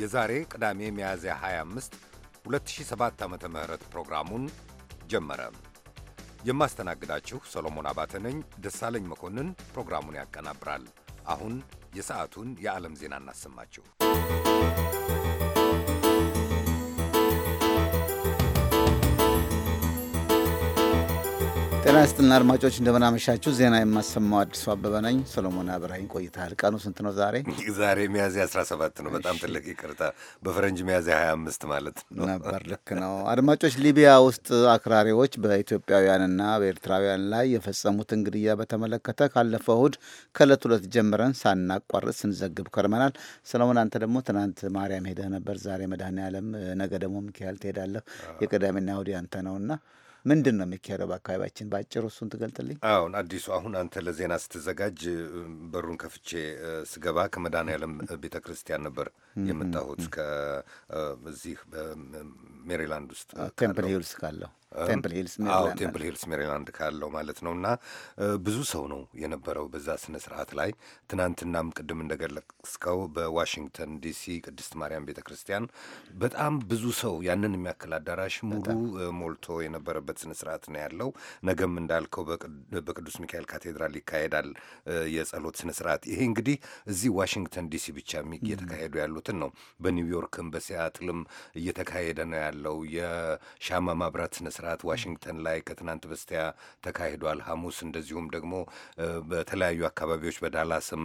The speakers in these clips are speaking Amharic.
የዛሬ ቅዳሜ ሚያዝያ 25 2007 ዓ ም ፕሮግራሙን ጀመረ። የማስተናግዳችሁ ሰሎሞን አባተ ነኝ። ደሳለኝ መኮንን ፕሮግራሙን ያቀናብራል። አሁን የሰዓቱን የዓለም ዜና እናሰማችሁ። ጤና ይስጥና አድማጮች እንደምናመሻችሁ። ዜና የማሰማው አዲሱ አበበ ነኝ። ሰሎሞን አብራኝ ቆይታል። ቀኑ ስንት ነው ዛሬ? ዛሬ ሚያዝያ 17 ነው። በጣም ትልቅ ይቅርታ፣ በፈረንጅ ሚያዝያ 25 ማለት ነበር። ልክ ነው አድማጮች። ሊቢያ ውስጥ አክራሪዎች በኢትዮጵያውያንና በኤርትራውያን ላይ የፈጸሙትን ግድያ በተመለከተ ካለፈው እሁድ ከእለት ሁለት ጀምረን ሳናቋርጥ ስንዘግብ ከርመናል። ሰሎሞን አንተ ደግሞ ትናንት ማርያም ሄደህ ነበር። ዛሬ መድኃኔ ዓለም፣ ነገ ደግሞ ሚካኤል ትሄዳለህ። የቅዳሜና እሁድ ያንተ ነውና ምንድን ነው የሚካሄደው በአካባቢያችን? በአጭሩ እሱን ትገልጥልኝ። አሁን አዲሱ አሁን አንተ ለዜና ስትዘጋጅ በሩን ከፍቼ ስገባ ከመድኃኔዓለም ቤተ ክርስቲያን ነበር የመጣሁት ከዚህ ሜሪላንድ ውስጥ ቴምፕል ሂልስ ካለው ቴምፕል ሂልስ ሜሪላንድ፣ ቴምፕል ሂልስ ሜሪላንድ ካለው ማለት ነው። እና ብዙ ሰው ነው የነበረው በዛ ስነ ስርዓት ላይ። ትናንትናም ቅድም እንደገለጽከው በዋሽንግተን ዲሲ ቅድስት ማርያም ቤተ ክርስቲያን በጣም ብዙ ሰው ያንን የሚያክል አዳራሽ ሙሉ ሞልቶ የነበረበት ስነ ስርዓት ነው ያለው። ነገም እንዳልከው በቅዱስ ሚካኤል ካቴድራል ይካሄዳል የጸሎት ስነ ስርዓት። ይሄ እንግዲህ እዚህ ዋሽንግተን ዲሲ ብቻ እየተካሄዱ ያሉትን ነው። በኒውዮርክም በሲያትልም እየተካሄደ ነው ያለው የሻማ ማብራት ስነ ስርዓት ዋሽንግተን ላይ ከትናንት በስቲያ ተካሂዷል። ሐሙስ እንደዚሁም ደግሞ በተለያዩ አካባቢዎች በዳላስም፣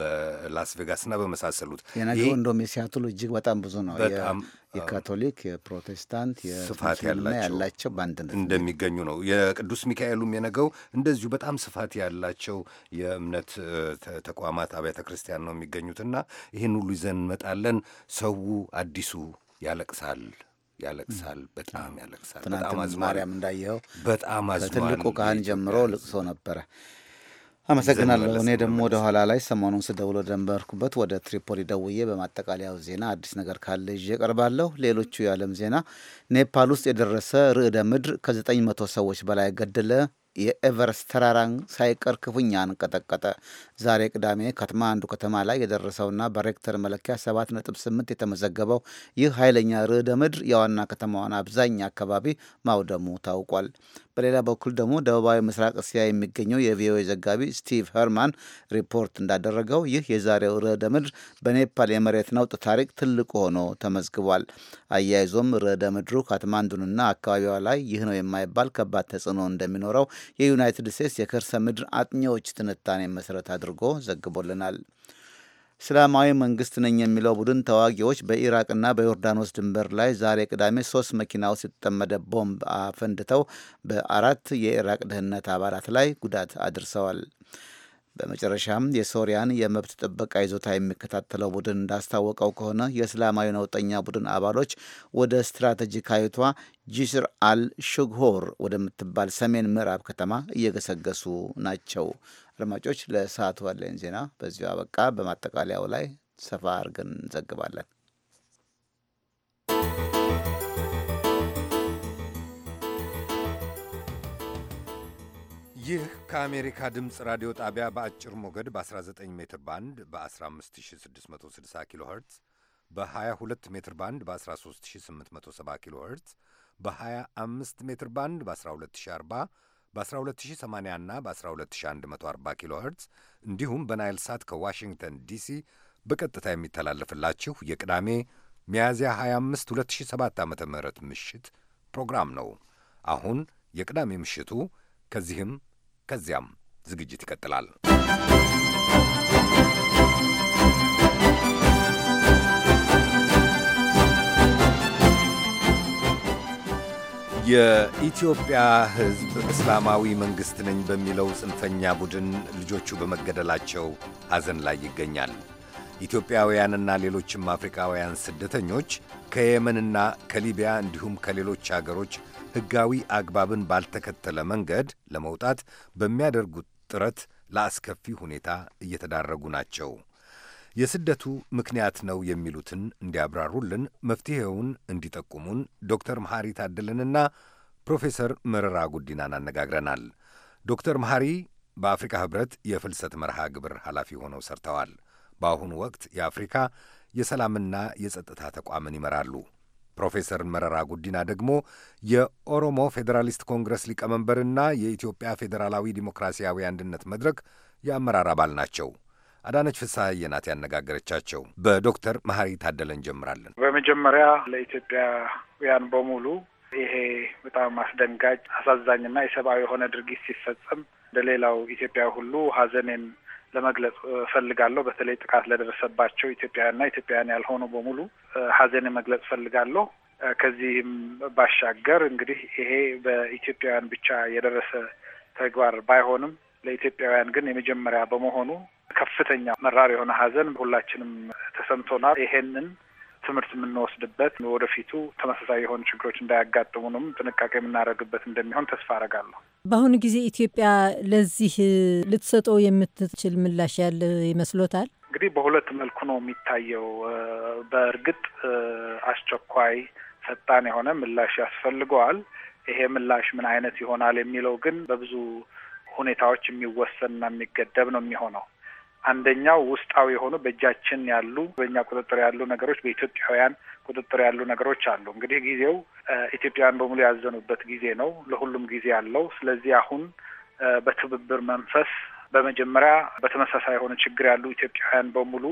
በላስ ቬጋስና በመሳሰሉት የነገው እንደውም የሲያትሉ እጅግ በጣም ብዙ ነው። የካቶሊክ የፕሮቴስታንት ስፋት ያላቸው በአንድነት እንደሚገኙ ነው። የቅዱስ ሚካኤሉም የነገው እንደዚሁ በጣም ስፋት ያላቸው የእምነት ተቋማት አብያተ ክርስቲያን ነው የሚገኙትና ይህን ሁሉ ይዘን እንመጣለን። ሰው አዲሱ ያለቅሳል ያለቅሳል። በጣም ያለቅሳል። በጣም አዝማሪያም እንዳየኸው በጣም ትልቁ ካህን ጀምሮ ልቅሶ ነበረ። አመሰግናለሁ። እኔ ደግሞ ወደ ኋላ ላይ ሰሞኑን ስደውሎ ደንበርኩበት ወደ ትሪፖሊ ደውዬ በማጠቃለያው ዜና አዲስ ነገር ካለ ይዤ ቀርባለሁ። ሌሎቹ የዓለም ዜና ኔፓል ውስጥ የደረሰ ርዕደ ምድር ከዘጠኝ መቶ ሰዎች በላይ ገደለ። የኤቨረስት ተራራን ሳይቀር ክፉኛ አንቀጠቀጠ። ዛሬ ቅዳሜ አንዱ ከተማ ላይ የደረሰውና በሬክተር መለኪያ 7.8 የተመዘገበው ይህ ኃይለኛ ርዕደ ምድር የዋና ከተማዋን አብዛኛ አካባቢ ማውደሙ ታውቋል። በሌላ በኩል ደግሞ ደቡባዊ ምስራቅ እስያ የሚገኘው የቪኦኤ ዘጋቢ ስቲቭ ሄርማን ሪፖርት እንዳደረገው ይህ የዛሬው ርዕደ ምድር በኔፓል የመሬት ነውጥ ታሪክ ትልቁ ሆኖ ተመዝግቧል። አያይዞም ርዕደ ምድሩ ካትማንዱንና አካባቢዋ ላይ ይህ ነው የማይባል ከባድ ተጽዕኖ እንደሚኖረው የዩናይትድ ስቴትስ የከርሰ ምድር አጥኚዎች ትንታኔ መሰረት አድርጎ ዘግቦልናል። እስላማዊ መንግስት ነኝ የሚለው ቡድን ተዋጊዎች በኢራቅና በዮርዳኖስ ድንበር ላይ ዛሬ ቅዳሜ ሶስት መኪና ውስጥ የተጠመደ ቦምብ አፈንድተው በአራት የኢራቅ ደህንነት አባላት ላይ ጉዳት አድርሰዋል። በመጨረሻም የሶሪያን የመብት ጥበቃ ይዞታ የሚከታተለው ቡድን እንዳስታወቀው ከሆነ የእስላማዊ ነውጠኛ ቡድን አባሎች ወደ ስትራቴጂካዊቷ ጂስር አል ሽግሆር ወደምትባል ሰሜን ምዕራብ ከተማ እየገሰገሱ ናቸው። አድማጮች፣ ለሰዓቱ ያለን ዜና በዚሁ አበቃ። በማጠቃለያው ላይ ሰፋ አድርገን እንዘግባለን። ይህ ከአሜሪካ ድምፅ ራዲዮ ጣቢያ በአጭር ሞገድ በ19 ሜትር ባንድ በ15660 ኪሎ ኸርትዝ በ22 ሜትር ባንድ በ13870 ኪሎ ኸርትዝ በ25 ሜትር ባንድ በ 1240 በ12080 እና በ12140 ኪሎ ኸርትዝ እንዲሁም በናይል ሳት ከዋሽንግተን ዲሲ በቀጥታ የሚተላለፍላችሁ የቅዳሜ ሚያዝያ 25 2007 ዓ ም ምሽት ፕሮግራም ነው። አሁን የቅዳሜ ምሽቱ ከዚህም ከዚያም ዝግጅት ይቀጥላል። የኢትዮጵያ ሕዝብ እስላማዊ መንግሥት ነኝ በሚለው ጽንፈኛ ቡድን ልጆቹ በመገደላቸው ሐዘን ላይ ይገኛል። ኢትዮጵያውያንና ሌሎችም አፍሪካውያን ስደተኞች ከየመንና ከሊቢያ እንዲሁም ከሌሎች አገሮች ሕጋዊ አግባብን ባልተከተለ መንገድ ለመውጣት በሚያደርጉት ጥረት ለአስከፊ ሁኔታ እየተዳረጉ ናቸው። የስደቱ ምክንያት ነው የሚሉትን እንዲያብራሩልን መፍትሔውን እንዲጠቁሙን ዶክተር መሐሪ ታደለንና ፕሮፌሰር መረራ ጉዲናን አነጋግረናል። ዶክተር መሐሪ በአፍሪካ ኅብረት የፍልሰት መርሃ ግብር ኃላፊ ሆነው ሰርተዋል። በአሁኑ ወቅት የአፍሪካ የሰላምና የጸጥታ ተቋምን ይመራሉ። ፕሮፌሰር መረራ ጉዲና ደግሞ የኦሮሞ ፌዴራሊስት ኮንግረስ ሊቀመንበርና የኢትዮጵያ ፌዴራላዊ ዲሞክራሲያዊ አንድነት መድረክ የአመራር አባል ናቸው። አዳነች ፍስሐዬ ናት ያነጋገረቻቸው። በዶክተር መሐሪ ታደለ እንጀምራለን። በመጀመሪያ ለኢትዮጵያውያን በሙሉ ይሄ በጣም አስደንጋጭ አሳዛኝና የሰብአዊ የሆነ ድርጊት ሲፈጸም እንደ ሌላው ኢትዮጵያ ሁሉ ሀዘኔን ለመግለጽ እፈልጋለሁ። በተለይ ጥቃት ለደረሰባቸው ኢትዮጵያውያንና ኢትዮጵያውያን ያልሆኑ በሙሉ ሀዘን መግለጽ እፈልጋለሁ። ከዚህም ባሻገር እንግዲህ ይሄ በኢትዮጵያውያን ብቻ የደረሰ ተግባር ባይሆንም ለኢትዮጵያውያን ግን የመጀመሪያ በመሆኑ ከፍተኛ መራር የሆነ ሀዘን ሁላችንም ተሰምቶናል። ይሄንን ትምህርት የምንወስድበት ወደፊቱ ተመሳሳይ የሆኑ ችግሮች እንዳያጋጥሙንም ጥንቃቄ የምናደርግበት እንደሚሆን ተስፋ አረጋለሁ። በአሁኑ ጊዜ ኢትዮጵያ ለዚህ ልትሰጠው የምትችል ምላሽ ያለ ይመስሎታል? እንግዲህ በሁለት መልኩ ነው የሚታየው። በእርግጥ አስቸኳይ ፈጣን የሆነ ምላሽ ያስፈልገዋል። ይሄ ምላሽ ምን አይነት ይሆናል የሚለው ግን በብዙ ሁኔታዎች የሚወሰንና የሚገደብ ነው የሚሆነው አንደኛው ውስጣዊ የሆኑ በእጃችን ያሉ በእኛ ቁጥጥር ያሉ ነገሮች፣ በኢትዮጵያውያን ቁጥጥር ያሉ ነገሮች አሉ። እንግዲህ ጊዜው ኢትዮጵያውያን በሙሉ ያዘኑበት ጊዜ ነው። ለሁሉም ጊዜ አለው። ስለዚህ አሁን በትብብር መንፈስ በመጀመሪያ በተመሳሳይ የሆነ ችግር ያሉ ኢትዮጵያውያን በሙሉ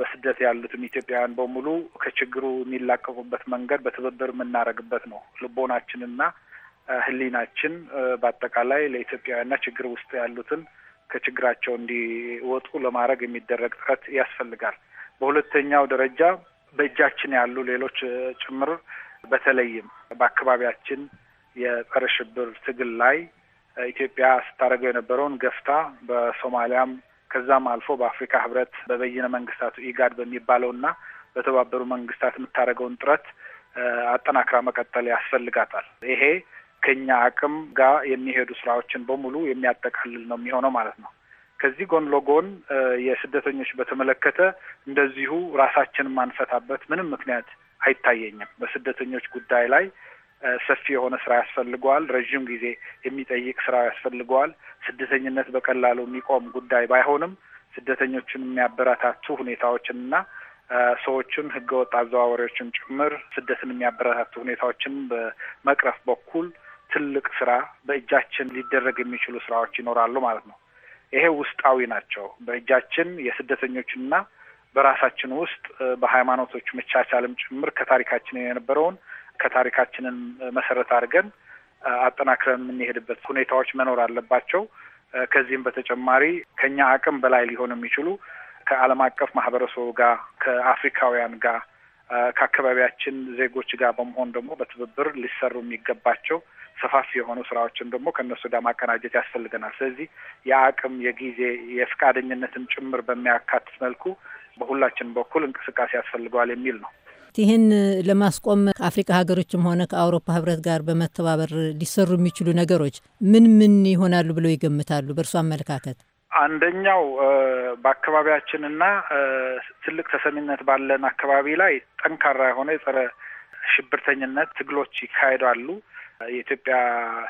በስደት ያሉትም ኢትዮጵያውያን በሙሉ ከችግሩ የሚላቀቁበት መንገድ በትብብር የምናደርግበት ነው። ልቦናችንና ሕሊናችን በአጠቃላይ ለኢትዮጵያውያንና ችግር ውስጥ ያሉትን ከችግራቸው እንዲወጡ ለማድረግ የሚደረግ ጥረት ያስፈልጋል። በሁለተኛው ደረጃ በእጃችን ያሉ ሌሎች ጭምር በተለይም በአካባቢያችን የጸረ ሽብር ትግል ላይ ኢትዮጵያ ስታደርገው የነበረውን ገፍታ በሶማሊያም ከዛም አልፎ በአፍሪካ ህብረት በበይነ መንግስታቱ ኢጋድ በሚባለውና በተባበሩ መንግስታት የምታደርገውን ጥረት አጠናክራ መቀጠል ያስፈልጋታል። ይሄ ከኛ አቅም ጋር የሚሄዱ ስራዎችን በሙሉ የሚያጠቃልል ነው የሚሆነው ማለት ነው። ከዚህ ጎን ለጎን የስደተኞች በተመለከተ እንደዚሁ ራሳችን ማንፈታበት ምንም ምክንያት አይታየኝም። በስደተኞች ጉዳይ ላይ ሰፊ የሆነ ስራ ያስፈልገዋል። ረዥም ጊዜ የሚጠይቅ ስራ ያስፈልገዋል። ስደተኝነት በቀላሉ የሚቆም ጉዳይ ባይሆንም ስደተኞችን የሚያበረታቱ ሁኔታዎችንና ሰዎችን ህገወጥ አዘዋዋሪዎችን ጭምር ስደትን የሚያበረታቱ ሁኔታዎችን በመቅረፍ በኩል ትልቅ ስራ በእጃችን ሊደረግ የሚችሉ ስራዎች ይኖራሉ ማለት ነው። ይሄ ውስጣዊ ናቸው። በእጃችን የስደተኞችና በራሳችን ውስጥ በሃይማኖቶች መቻቻልም ጭምር ከታሪካችን የነበረውን ከታሪካችንን መሰረት አድርገን አጠናክረን የምንሄድበት ሁኔታዎች መኖር አለባቸው። ከዚህም በተጨማሪ ከኛ አቅም በላይ ሊሆን የሚችሉ ከዓለም አቀፍ ማህበረሰቡ ጋር ከአፍሪካውያን ጋር ከአካባቢያችን ዜጎች ጋር በመሆን ደግሞ በትብብር ሊሰሩ የሚገባቸው ሰፋፊ የሆኑ ስራዎችን ደግሞ ከእነሱ ጋር ማቀናጀት ያስፈልገናል። ስለዚህ የአቅም የጊዜ የፍቃደኝነትን ጭምር በሚያካትት መልኩ በሁላችን በኩል እንቅስቃሴ ያስፈልገዋል የሚል ነው። ይህን ለማስቆም ከአፍሪካ ሀገሮችም ሆነ ከአውሮፓ ህብረት ጋር በመተባበር ሊሰሩ የሚችሉ ነገሮች ምን ምን ይሆናሉ ብለው ይገምታሉ? በእርሱ አመለካከት አንደኛው በአካባቢያችንና ትልቅ ተሰሚነት ባለን አካባቢ ላይ ጠንካራ የሆነ የጸረ ሽብርተኝነት ትግሎች ይካሄዳሉ። የኢትዮጵያ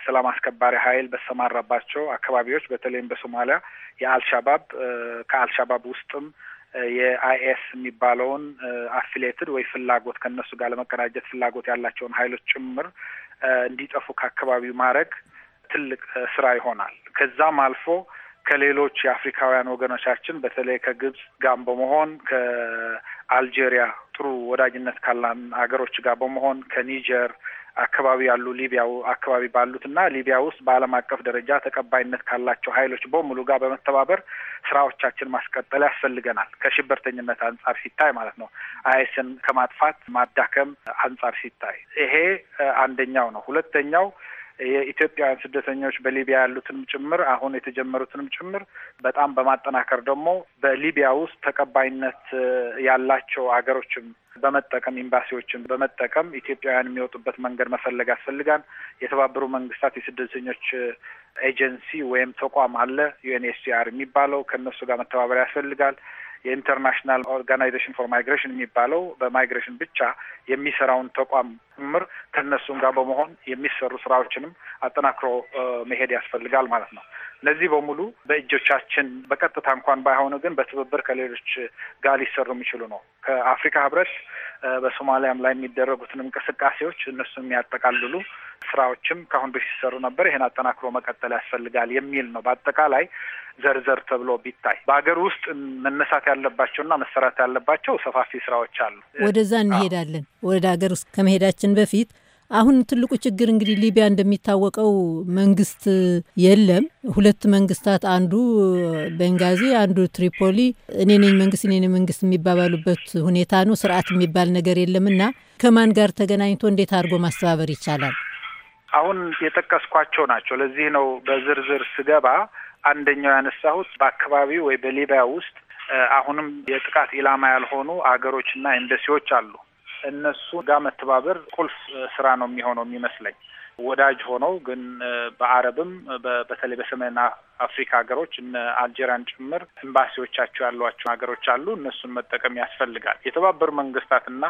ሰላም አስከባሪ ኃይል በተሰማራባቸው አካባቢዎች በተለይም በሶማሊያ የአልሻባብ ከአልሻባብ ውስጥም የአይኤስ የሚባለውን አፊሌትድ ወይ ፍላጎት ከእነሱ ጋር ለመቀናጀት ፍላጎት ያላቸውን ኃይሎች ጭምር እንዲጠፉ ከአካባቢው ማድረግ ትልቅ ስራ ይሆናል። ከዛም አልፎ ከሌሎች የአፍሪካውያን ወገኖቻችን በተለይ ከግብጽ ጋር በመሆን ከአልጄሪያ ጥሩ ወዳጅነት ካላን ሀገሮች ጋር በመሆን ከኒጀር አካባቢ ያሉ ሊቢያው አካባቢ ባሉት እና ሊቢያ ውስጥ በዓለም አቀፍ ደረጃ ተቀባይነት ካላቸው ሀይሎች በሙሉ ጋር በመተባበር ስራዎቻችን ማስቀጠል ያስፈልገናል። ከሽብርተኝነት አንጻር ሲታይ ማለት ነው። አይስን ከማጥፋት ማዳከም አንጻር ሲታይ ይሄ አንደኛው ነው። ሁለተኛው የኢትዮጵያውያን ስደተኞች በሊቢያ ያሉትንም ጭምር አሁን የተጀመሩትንም ጭምር በጣም በማጠናከር ደግሞ በሊቢያ ውስጥ ተቀባይነት ያላቸው አገሮችም በመጠቀም ኤምባሲዎችን በመጠቀም ኢትዮጵያውያን የሚወጡበት መንገድ መፈለግ ያስፈልጋል። የተባበሩ መንግስታት የስደተኞች ኤጀንሲ ወይም ተቋም አለ ዩኤንኤችሲአር የሚባለው ከእነሱ ጋር መተባበር ያስፈልጋል። የኢንተርናሽናል ኦርጋናይዜሽን ፎር ማይግሬሽን የሚባለው በማይግሬሽን ብቻ የሚሰራውን ተቋም ጭምር ከነሱም ጋር በመሆን የሚሰሩ ስራዎችንም አጠናክሮ መሄድ ያስፈልጋል ማለት ነው። እነዚህ በሙሉ በእጆቻችን በቀጥታ እንኳን ባይሆኑ ግን በትብብር ከሌሎች ጋር ሊሰሩ የሚችሉ ነው። ከአፍሪካ ህብረት በሶማሊያም ላይ የሚደረጉትን እንቅስቃሴዎች እነሱ የሚያጠቃልሉ ስራዎችም ከአሁን በፊት ሲሰሩ ነበር። ይህን አጠናክሮ መቀጠል ያስፈልጋል የሚል ነው። በአጠቃላይ ዘርዘር ተብሎ ቢታይ በሀገር ውስጥ መነሳት ያለባቸውና መሰራት ያለባቸው ሰፋፊ ስራዎች አሉ። ወደዛ እንሄዳለን። ወደ ሀገር ውስጥ ከመሄዳችን ከመሄዳችን በፊት አሁን ትልቁ ችግር እንግዲህ ሊቢያ እንደሚታወቀው መንግስት የለም። ሁለት መንግስታት፣ አንዱ ቤንጋዚ፣ አንዱ ትሪፖሊ፣ እኔ ነኝ መንግስት እኔ ነኝ መንግስት የሚባባሉበት ሁኔታ ነው። ስርዓት የሚባል ነገር የለምና ከማን ጋር ተገናኝቶ እንዴት አድርጎ ማስተባበር ይቻላል? አሁን የጠቀስኳቸው ናቸው። ለዚህ ነው በዝርዝር ስገባ አንደኛው ያነሳሁት በአካባቢው ወይ በሊቢያ ውስጥ አሁንም የጥቃት ኢላማ ያልሆኑ አገሮችና ኤምባሲዎች አሉ። እነሱ ጋር መተባበር ቁልፍ ስራ ነው የሚሆነው የሚመስለኝ። ወዳጅ ሆነው ግን በአረብም በተለይ በሰሜን አፍሪካ ሀገሮች እነ አልጄሪያን ጭምር ኤምባሲዎቻቸው ያሏቸው ሀገሮች አሉ። እነሱን መጠቀም ያስፈልጋል። የተባበሩ መንግስታትና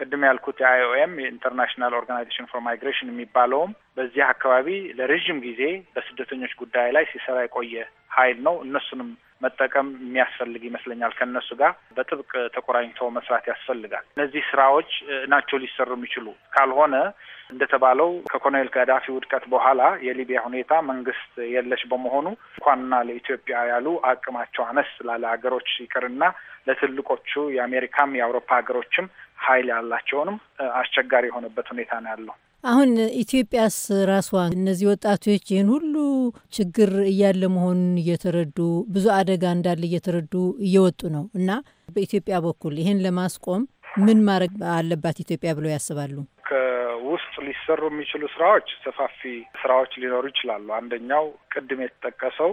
ቅድም ያልኩት የአይኦኤም የኢንተርናሽናል ኦርጋናይዜሽን ፎር ማይግሬሽን የሚባለውም በዚህ አካባቢ ለረዥም ጊዜ በስደተኞች ጉዳይ ላይ ሲሰራ የቆየ ሀይል ነው። እነሱንም መጠቀም የሚያስፈልግ ይመስለኛል። ከነሱ ጋር በጥብቅ ተቆራኝተው መስራት ያስፈልጋል። እነዚህ ስራዎች ናቸው ሊሰሩ የሚችሉ ካልሆነ እንደተባለው ከኮሎኔል ጋዳፊ ውድቀት በኋላ የሊቢያ ሁኔታ መንግስት የለሽ በመሆኑ እንኳንና ለኢትዮጵያ ያሉ አቅማቸው አነስ ላለ ሀገሮች ይቅርና ለትልቆቹ የአሜሪካም የአውሮፓ ሀገሮችም ኃይል ያላቸውንም አስቸጋሪ የሆነበት ሁኔታ ነው ያለው። አሁን ኢትዮጵያስ ራሷ እነዚህ ወጣቶች ይህን ሁሉ ችግር እያለ መሆኑን እየተረዱ ብዙ አደጋ እንዳለ እየተረዱ እየወጡ ነው እና በኢትዮጵያ በኩል ይህን ለማስቆም ምን ማድረግ አለባት ኢትዮጵያ ብለው ያስባሉ? ከውስጥ ሊሰሩ የሚችሉ ስራዎች ሰፋፊ ስራዎች ሊኖሩ ይችላሉ። አንደኛው ቅድም የተጠቀሰው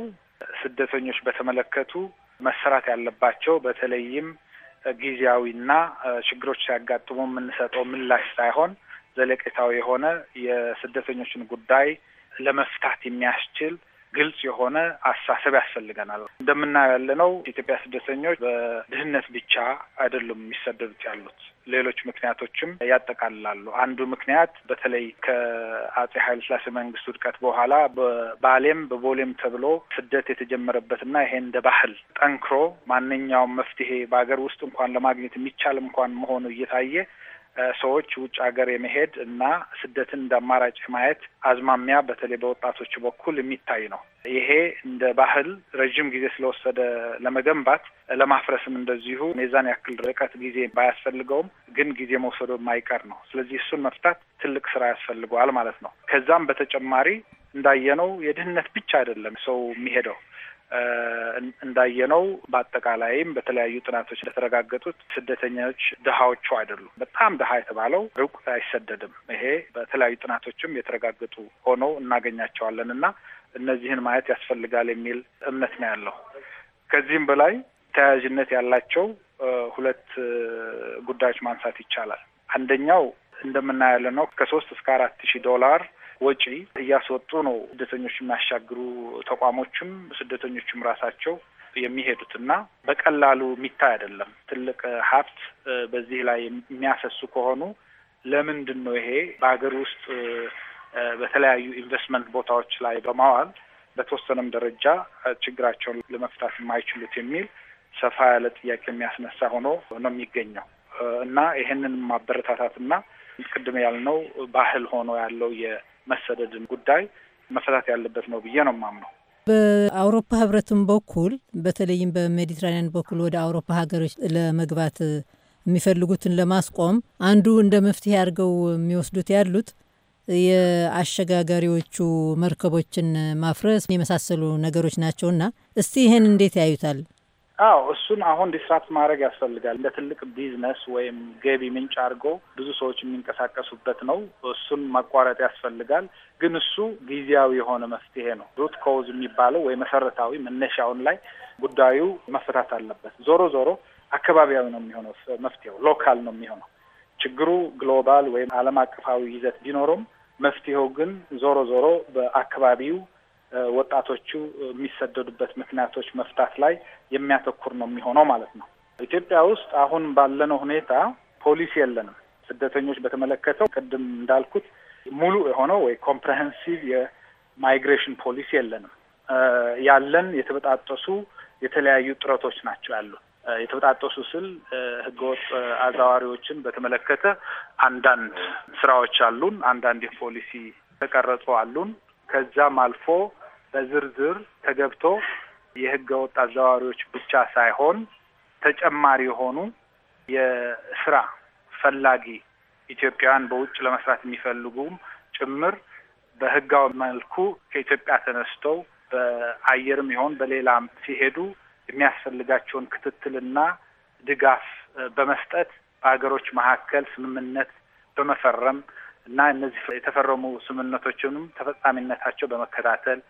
ስደተኞች በተመለከቱ መሰራት ያለባቸው በተለይም ጊዜያዊና ችግሮች ሲያጋጥሙ የምንሰጠው ምላሽ ሳይሆን ዘለቄታዊ የሆነ የስደተኞችን ጉዳይ ለመፍታት የሚያስችል ግልጽ የሆነ አስተሳሰብ ያስፈልገናል። እንደምናየው ነው። የኢትዮጵያ ስደተኞች በድህነት ብቻ አይደሉም የሚሰደዱት ያሉት ሌሎች ምክንያቶችም ያጠቃልላሉ። አንዱ ምክንያት በተለይ ከአጼ ኃይለሥላሴ መንግስት ውድቀት በኋላ በባሌም በቦሌም ተብሎ ስደት የተጀመረበትና ይሄ እንደ ባህል ጠንክሮ ማንኛውም መፍትሄ በሀገር ውስጥ እንኳን ለማግኘት የሚቻል እንኳን መሆኑ እየታየ ሰዎች ውጭ ሀገር የመሄድ እና ስደትን እንደ አማራጭ ማየት አዝማሚያ በተለይ በወጣቶች በኩል የሚታይ ነው። ይሄ እንደ ባህል ረዥም ጊዜ ስለወሰደ ለመገንባት ለማፍረስም እንደዚሁ የዛን ያክል ርቀት ጊዜ ባያስፈልገውም ግን ጊዜ መውሰዶ የማይቀር ነው። ስለዚህ እሱን መፍታት ትልቅ ስራ ያስፈልገዋል ማለት ነው። ከዛም በተጨማሪ እንዳየነው የድህነት ብቻ አይደለም ሰው የሚሄደው እንዳየነው በአጠቃላይም በተለያዩ ጥናቶች እንደተረጋገጡት ስደተኞች ድሀዎቹ አይደሉም። በጣም ድሀ የተባለው ሩቅ አይሰደድም። ይሄ በተለያዩ ጥናቶችም የተረጋገጡ ሆነው እናገኛቸዋለን እና እነዚህን ማየት ያስፈልጋል የሚል እምነት ነው ያለው። ከዚህም በላይ ተያያዥነት ያላቸው ሁለት ጉዳዮች ማንሳት ይቻላል። አንደኛው እንደምናያለ ነው ከሶስት እስከ አራት ሺህ ዶላር ወጪ እያስወጡ ነው ስደተኞች የሚያሻግሩ ተቋሞችም ስደተኞችም ራሳቸው የሚሄዱት እና በቀላሉ የሚታይ አይደለም። ትልቅ ሀብት በዚህ ላይ የሚያሰሱ ከሆኑ ለምንድን ነው ይሄ በሀገር ውስጥ በተለያዩ ኢንቨስትመንት ቦታዎች ላይ በማዋል በተወሰነም ደረጃ ችግራቸውን ለመፍታት የማይችሉት የሚል ሰፋ ያለ ጥያቄ የሚያስነሳ ሆኖ ነው የሚገኘው እና ይህንን ማበረታታትና ቅድም ያልነው ባህል ሆኖ ያለው መሰደድን ጉዳይ መፈታት ያለበት ነው ብዬ ነው የማምነው። በአውሮፓ ህብረትም በኩል በተለይም በሜዲትራኒያን በኩል ወደ አውሮፓ ሀገሮች ለመግባት የሚፈልጉትን ለማስቆም አንዱ እንደ መፍትሄ አድርገው የሚወስዱት ያሉት የአሸጋጋሪዎቹ መርከቦችን ማፍረስ የመሳሰሉ ነገሮች ናቸውና እስቲ ይህን እንዴት ያዩታል? አዎ እሱን አሁን ዲስራፕት ማድረግ ያስፈልጋል። እንደ ትልቅ ቢዝነስ ወይም ገቢ ምንጭ አድርጎ ብዙ ሰዎች የሚንቀሳቀሱበት ነው። እሱን ማቋረጥ ያስፈልጋል። ግን እሱ ጊዜያዊ የሆነ መፍትሄ ነው። ሩት ኮዝ የሚባለው ወይ መሰረታዊ መነሻውን ላይ ጉዳዩ መፈታት አለበት። ዞሮ ዞሮ አካባቢያዊ ነው የሚሆነው መፍትሄው፣ ሎካል ነው የሚሆነው። ችግሩ ግሎባል ወይም ዓለም አቀፋዊ ይዘት ቢኖረውም መፍትሄው ግን ዞሮ ዞሮ በአካባቢው ወጣቶቹ የሚሰደዱበት ምክንያቶች መፍታት ላይ የሚያተኩር ነው የሚሆነው ማለት ነው። ኢትዮጵያ ውስጥ አሁን ባለነው ሁኔታ ፖሊሲ የለንም። ስደተኞች በተመለከተው ቅድም እንዳልኩት ሙሉ የሆነው ወይ ኮምፕሬሄንሲቭ የማይግሬሽን ፖሊሲ የለንም። ያለን የተበጣጠሱ የተለያዩ ጥረቶች ናቸው ያሉ። የተበጣጠሱ ስል ህገወጥ አዛዋሪዎችን በተመለከተ አንዳንድ ስራዎች አሉን። አንዳንድ የፖሊሲ ተቀረጾ አሉን። ከዛም አልፎ በዝርዝር ተገብቶ የህገ ወጥ አዘዋዋሪዎች ብቻ ሳይሆን ተጨማሪ የሆኑ የስራ ፈላጊ ኢትዮጵያውያን በውጭ ለመስራት የሚፈልጉም ጭምር በህጋዊ መልኩ ከኢትዮጵያ ተነስተው በአየርም ይሆን በሌላም ሲሄዱ የሚያስፈልጋቸውን ክትትልና ድጋፍ በመስጠት በሀገሮች መካከል ስምምነት በመፈረም እና እነዚህ የተፈረሙ ስምምነቶችንም ተፈጻሚነታቸው በመከታተል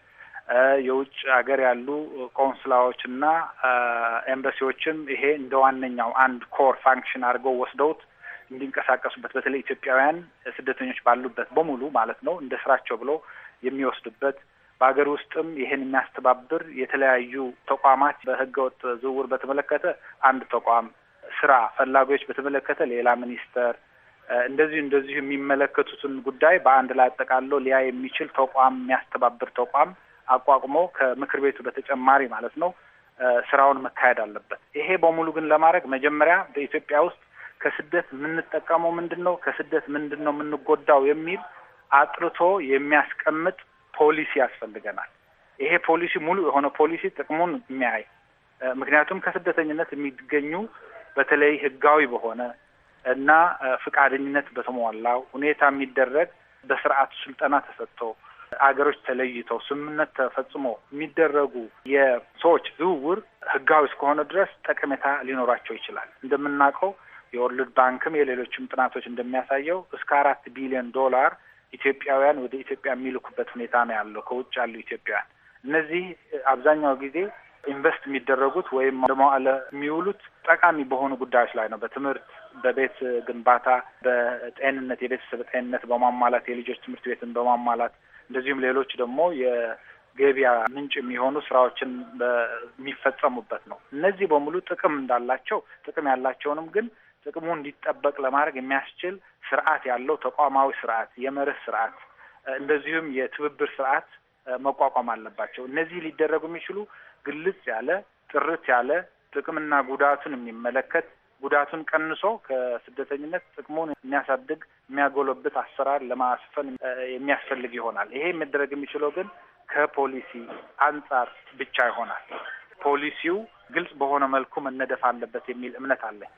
የውጭ ሀገር ያሉ ቆንስላዎች እና ኤምባሲዎችም ይሄ እንደ ዋነኛው አንድ ኮር ፋንክሽን አድርገው ወስደውት እንዲንቀሳቀሱበት በተለይ ኢትዮጵያውያን ስደተኞች ባሉበት በሙሉ ማለት ነው እንደ ስራቸው ብለው የሚወስዱበት በሀገር ውስጥም ይህን የሚያስተባብር የተለያዩ ተቋማት በህገወጥ ዝውውር በተመለከተ አንድ ተቋም ስራ ፈላጊዎች በተመለከተ ሌላ ሚኒስተር እንደዚሁ እንደዚሁ የሚመለከቱትን ጉዳይ በአንድ ላይ አጠቃሎ ሊያ የሚችል ተቋም የሚያስተባብር ተቋም አቋቁሞ ከምክር ቤቱ በተጨማሪ ማለት ነው ስራውን መካሄድ አለበት። ይሄ በሙሉ ግን ለማድረግ መጀመሪያ በኢትዮጵያ ውስጥ ከስደት የምንጠቀመው ምንድን ነው፣ ከስደት ምንድን ነው የምንጎዳው የሚል አጥርቶ የሚያስቀምጥ ፖሊሲ ያስፈልገናል። ይሄ ፖሊሲ ሙሉ የሆነ ፖሊሲ ጥቅሙን የሚያይ ምክንያቱም ከስደተኝነት የሚገኙ በተለይ ህጋዊ በሆነ እና ፈቃደኝነት በተሟላው ሁኔታ የሚደረግ በስርዓቱ ስልጠና ተሰጥቶ አገሮች ተለይተው ስምምነት ተፈጽሞ የሚደረጉ የሰዎች ዝውውር ህጋዊ እስከሆነ ድረስ ጠቀሜታ ሊኖራቸው ይችላል። እንደምናውቀው የወርልድ ባንክም የሌሎችም ጥናቶች እንደሚያሳየው እስከ አራት ቢሊዮን ዶላር ኢትዮጵያውያን ወደ ኢትዮጵያ የሚልኩበት ሁኔታ ነው ያለው ከውጭ ያሉ ኢትዮጵያውያን። እነዚህ አብዛኛው ጊዜ ኢንቨስት የሚደረጉት ወይም ለመዋዕለ የሚውሉት ጠቃሚ በሆኑ ጉዳዮች ላይ ነው። በትምህርት፣ በቤት ግንባታ፣ በጤንነት፣ የቤተሰብ ጤንነት በማሟላት የልጆች ትምህርት ቤትን በማሟላት እንደዚሁም ሌሎች ደግሞ የገቢያ ምንጭ የሚሆኑ ስራዎችን የሚፈጸሙበት ነው። እነዚህ በሙሉ ጥቅም እንዳላቸው ጥቅም ያላቸውንም ግን ጥቅሙ እንዲጠበቅ ለማድረግ የሚያስችል ስርዓት ያለው ተቋማዊ ስርዓት፣ የመርህ ስርዓት እንደዚሁም የትብብር ስርዓት መቋቋም አለባቸው። እነዚህ ሊደረጉ የሚችሉ ግልጽ ያለ ጥርት ያለ ጥቅምና ጉዳቱን የሚመለከት ጉዳቱን ቀንሶ ከስደተኝነት ጥቅሙን የሚያሳድግ የሚያጎለብት አሰራር ለማስፈን የሚያስፈልግ ይሆናል። ይሄ መደረግ የሚችለው ግን ከፖሊሲ አንጻር ብቻ ይሆናል። ፖሊሲው ግልጽ በሆነ መልኩ መነደፍ አለበት የሚል እምነት አለኝ።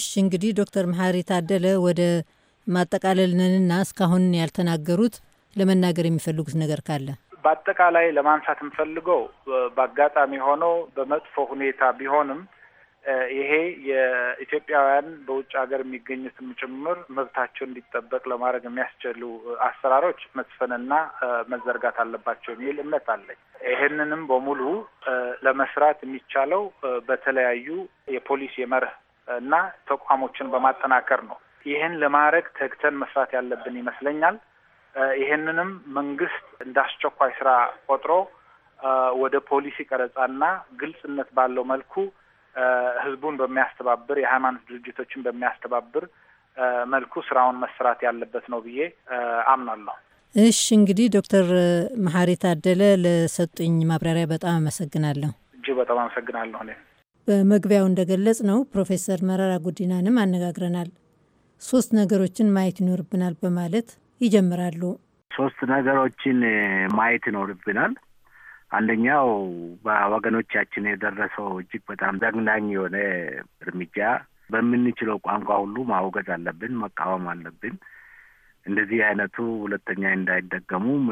እሺ እንግዲህ ዶክተር መሐሪ ታደለ ወደ ማጠቃለልንና እስካሁን ያልተናገሩት ለመናገር የሚፈልጉት ነገር ካለ በአጠቃላይ ለማንሳት የምፈልገው በአጋጣሚ ሆኖ በመጥፎ ሁኔታ ቢሆንም ይሄ የኢትዮጵያውያን በውጭ ሀገር የሚገኙትም ጭምር መብታቸው እንዲጠበቅ ለማድረግ የሚያስችሉ አሰራሮች መስፈንና መዘርጋት አለባቸው የሚል እምነት አለኝ። ይህንንም በሙሉ ለመስራት የሚቻለው በተለያዩ የፖሊስ የመርህ እና ተቋሞችን በማጠናከር ነው። ይህን ለማድረግ ተግተን መስራት ያለብን ይመስለኛል። ይህንንም መንግስት እንደ አስቸኳይ ስራ ቆጥሮ ወደ ፖሊሲ ቀረጻና ግልጽነት ባለው መልኩ ህዝቡን በሚያስተባብር የሃይማኖት ድርጅቶችን በሚያስተባብር መልኩ ስራውን መሰራት ያለበት ነው ብዬ አምናለሁ። እሽ እንግዲህ ዶክተር መሀሪ ታደለ ለሰጡኝ ማብራሪያ በጣም አመሰግናለሁ። እጅግ በጣም አመሰግናለሁ። እኔ በመግቢያው እንደገለጽ ነው ፕሮፌሰር መረራ ጉዲናንም አነጋግረናል። ሶስት ነገሮችን ማየት ይኖርብናል በማለት ይጀምራሉ። ሶስት ነገሮችን ማየት ይኖርብናል። አንደኛው በወገኖቻችን የደረሰው እጅግ በጣም ዘግናኝ የሆነ እርምጃ በምንችለው ቋንቋ ሁሉ ማውገዝ አለብን፣ መቃወም አለብን። እንደዚህ አይነቱ ሁለተኛ እንዳይደገሙም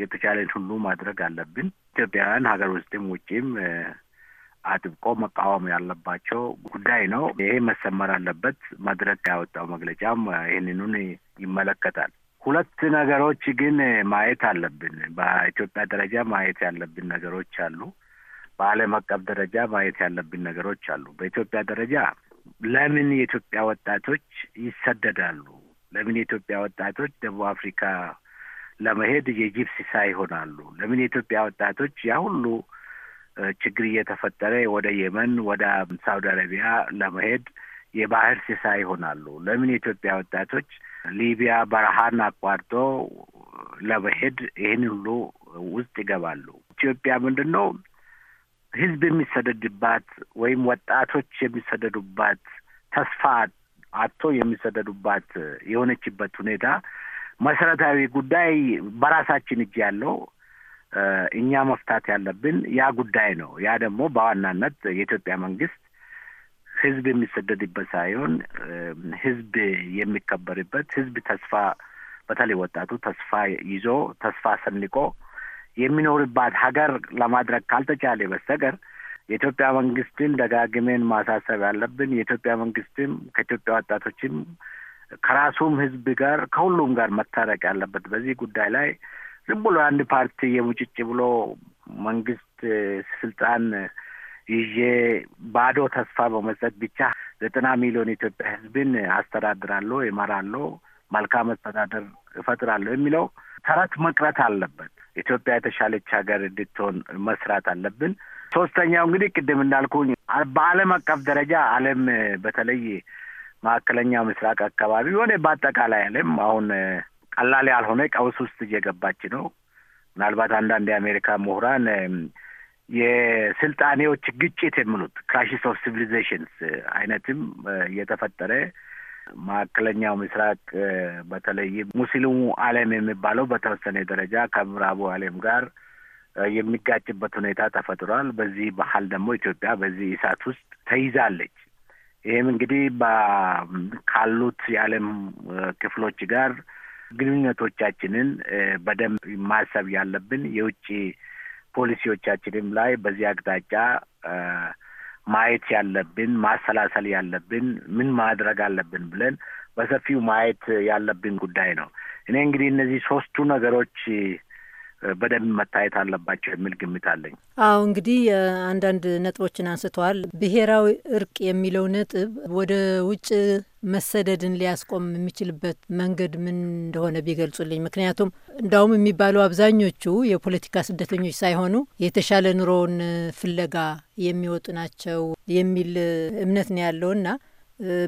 የተቻለን ሁሉ ማድረግ አለብን። ኢትዮጵያውያን ሀገር ውስጥም ውጪም አጥብቆ መቃወም ያለባቸው ጉዳይ ነው። ይሄ መሰመር አለበት። መድረክ ያወጣው መግለጫም ይህንኑን ይመለከታል። ሁለት ነገሮች ግን ማየት አለብን። በኢትዮጵያ ደረጃ ማየት ያለብን ነገሮች አሉ። በዓለም አቀፍ ደረጃ ማየት ያለብን ነገሮች አሉ። በኢትዮጵያ ደረጃ ለምን የኢትዮጵያ ወጣቶች ይሰደዳሉ? ለምን የኢትዮጵያ ወጣቶች ደቡብ አፍሪካ ለመሄድ የጂፕሲ ሳ ይሆናሉ? ለምን የኢትዮጵያ ወጣቶች ያ ሁሉ ችግር እየተፈጠረ ወደ የመን፣ ወደ ሳውዲ አረቢያ ለመሄድ የባህር ሲሳ ይሆናሉ? ለምን የኢትዮጵያ ወጣቶች ሊቢያ በረሃን አቋርጦ ለመሄድ ይህን ሁሉ ውስጥ ይገባሉ። ኢትዮጵያ ምንድን ነው ህዝብ የሚሰደድባት ወይም ወጣቶች የሚሰደዱባት ተስፋ አቶ የሚሰደዱባት የሆነችበት ሁኔታ መሰረታዊ ጉዳይ በራሳችን እጅ ያለው እኛ መፍታት ያለብን ያ ጉዳይ ነው። ያ ደግሞ በዋናነት የኢትዮጵያ መንግስት ህዝብ የሚሰደድበት ሳይሆን ህዝብ የሚከበርበት ህዝብ ተስፋ በተለይ ወጣቱ ተስፋ ይዞ ተስፋ ሰንቆ የሚኖርባት ሀገር ለማድረግ ካልተቻለ በስተቀር የኢትዮጵያ መንግስትን ደጋግሜን ማሳሰብ ያለብን የኢትዮጵያ መንግስትም ከኢትዮጵያ ወጣቶችም ከራሱም ህዝብ ጋር ከሁሉም ጋር መታረቅ ያለበት በዚህ ጉዳይ ላይ ዝም ብሎ አንድ ፓርቲ የሙጭጭ ብሎ መንግስት ስልጣን ይዤ ባዶ ተስፋ በመስጠት ብቻ ዘጠና ሚሊዮን ኢትዮጵያ ሕዝብን አስተዳድራለሁ፣ ይመራለሁ፣ መልካም አስተዳደር እፈጥራለሁ የሚለው ተረት መቅረት አለበት። ኢትዮጵያ የተሻለች ሀገር እንድትሆን መስራት አለብን። ሶስተኛው እንግዲህ ቅድም እንዳልኩኝ በዓለም አቀፍ ደረጃ ዓለም በተለይ መካከለኛው ምስራቅ አካባቢ ሆነ በአጠቃላይ ዓለም አሁን ቀላል ያልሆነ ቀውስ ውስጥ እየገባች ነው። ምናልባት አንዳንድ የአሜሪካ ምሁራን የስልጣኔዎች ግጭት የሚሉት ክራሽስ ኦፍ ሲቪሊዜሽንስ አይነትም እየተፈጠረ መካከለኛው ምስራቅ በተለይም ሙስሊሙ ዓለም የሚባለው በተወሰነ ደረጃ ከምዕራቡ ዓለም ጋር የሚጋጭበት ሁኔታ ተፈጥሯል። በዚህ ባህል ደግሞ ኢትዮጵያ በዚህ እሳት ውስጥ ተይዛለች። ይህም እንግዲህ ካሉት የዓለም ክፍሎች ጋር ግንኙነቶቻችንን በደንብ ማሰብ ያለብን የውጭ ፖሊሲዎቻችንም ላይ በዚህ አቅጣጫ ማየት ያለብን ማሰላሰል ያለብን ምን ማድረግ አለብን ብለን በሰፊው ማየት ያለብን ጉዳይ ነው። እኔ እንግዲህ እነዚህ ሶስቱ ነገሮች በደንብ መታየት አለባቸው የሚል ግምት አለኝ። አዎ እንግዲህ አንዳንድ ነጥቦችን አንስተዋል። ብሔራዊ እርቅ የሚለው ነጥብ ወደ ውጭ መሰደድን ሊያስቆም የሚችልበት መንገድ ምን እንደሆነ ቢገልጹልኝ። ምክንያቱም እንዳውም የሚባሉ አብዛኞቹ የፖለቲካ ስደተኞች ሳይሆኑ የተሻለ ኑሮውን ፍለጋ የሚወጡ ናቸው የሚል እምነት ነው ያለውና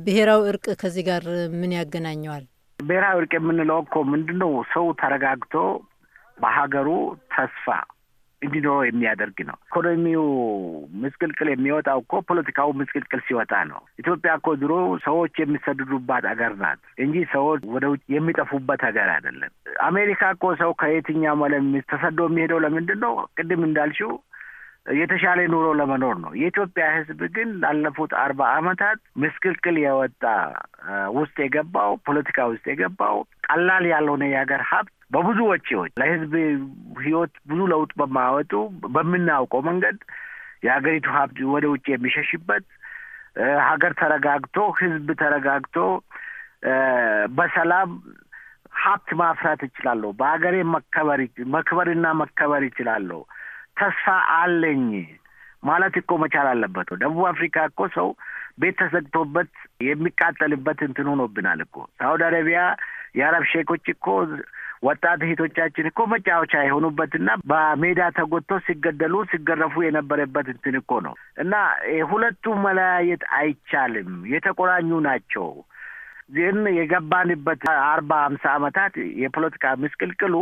ብሔራዊ እርቅ ከዚህ ጋር ምን ያገናኘዋል? ብሔራዊ እርቅ የምንለው እኮ ምንድን ነው? ሰው ተረጋግቶ በሀገሩ ተስፋ እንዲኖረው የሚያደርግ ነው። ኢኮኖሚው ምስቅልቅል የሚወጣው እኮ ፖለቲካው ምስቅልቅል ሲወጣ ነው። ኢትዮጵያ እኮ ድሮ ሰዎች የሚሰደዱባት ሀገር ናት እንጂ ሰዎች ወደ ውጭ የሚጠፉበት ሀገር አይደለም። አሜሪካ እኮ ሰው ከየትኛው ዓለም ተሰዶ የሚሄደው ለምንድን ነው? ቅድም እንዳልሽው የተሻለ ኑሮ ለመኖር ነው። የኢትዮጵያ ሕዝብ ግን ላለፉት አርባ ዓመታት ምስቅልቅል የወጣ ውስጥ የገባው ፖለቲካ ውስጥ የገባው ቀላል ያልሆነ የሀገር ሀብት በብዙ ወጪዎች ለህዝብ ህይወት ብዙ ለውጥ በማያወጡ በምናውቀው መንገድ የሀገሪቱ ሀብት ወደ ውጭ የሚሸሽበት ሀገር ተረጋግቶ ህዝብ ተረጋግቶ በሰላም ሀብት ማፍራት እችላለሁ፣ በሀገሬ መከበር መክበርና መከበር እችላለሁ፣ ተስፋ አለኝ ማለት እኮ መቻል አለበት። ደቡብ አፍሪካ እኮ ሰው ቤት ተዘግቶበት የሚቃጠልበት እንትን ሆኖብናል እኮ። ሳውዲ አረቢያ የአረብ ሼኮች እኮ ወጣት እህቶቻችን እኮ መጫወቻ የሆኑበትና በሜዳ ተጎድቶ ሲገደሉ ሲገረፉ የነበረበት እንትን እኮ ነው እና ሁለቱ መለያየት አይቻልም። የተቆራኙ ናቸው። ግን የገባንበት አርባ አምሳ ዓመታት የፖለቲካ ምስቅልቅሉ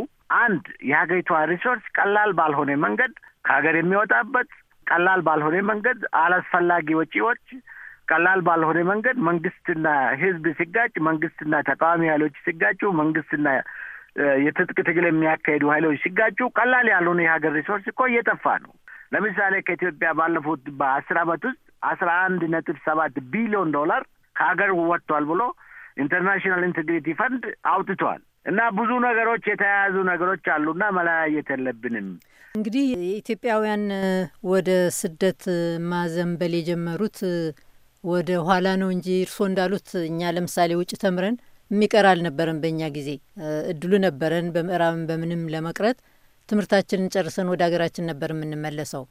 አንድ የሀገሪቷ ሪሶርስ ቀላል ባልሆነ መንገድ ከሀገር የሚወጣበት ቀላል ባልሆነ መንገድ አላስፈላጊ ወጪዎች ቀላል ባልሆነ መንገድ መንግስትና ህዝብ ሲጋጭ፣ መንግስትና ተቃዋሚ ኃይሎች ሲጋጩ፣ መንግስትና የትጥቅ ትግል የሚያካሄዱ ኃይሎች ሲጋጩ ቀላል ያልሆነ የሀገር ሪሶርስ እኮ እየጠፋ ነው። ለምሳሌ ከኢትዮጵያ ባለፉት በአስር ዓመት ውስጥ አስራ አንድ ነጥብ ሰባት ቢሊዮን ዶላር ከሀገር ወጥቷል ብሎ ኢንተርናሽናል ኢንቴግሪቲ ፈንድ አውጥቷል። እና ብዙ ነገሮች የተያያዙ ነገሮች አሉና መለያየት የለብንም። እንግዲህ የኢትዮጵያውያን ወደ ስደት ማዘንበል የጀመሩት ወደ ኋላ ነው እንጂ እርስዎ እንዳሉት እኛ ለምሳሌ ውጭ ተምረን የሚቀር አልነበረም። በእኛ ጊዜ እድሉ ነበረን። በምዕራብም በምንም ለመቅረት ትምህርታችንን ጨርሰን ወደ ሀገራችን ነበር የምንመለሰው።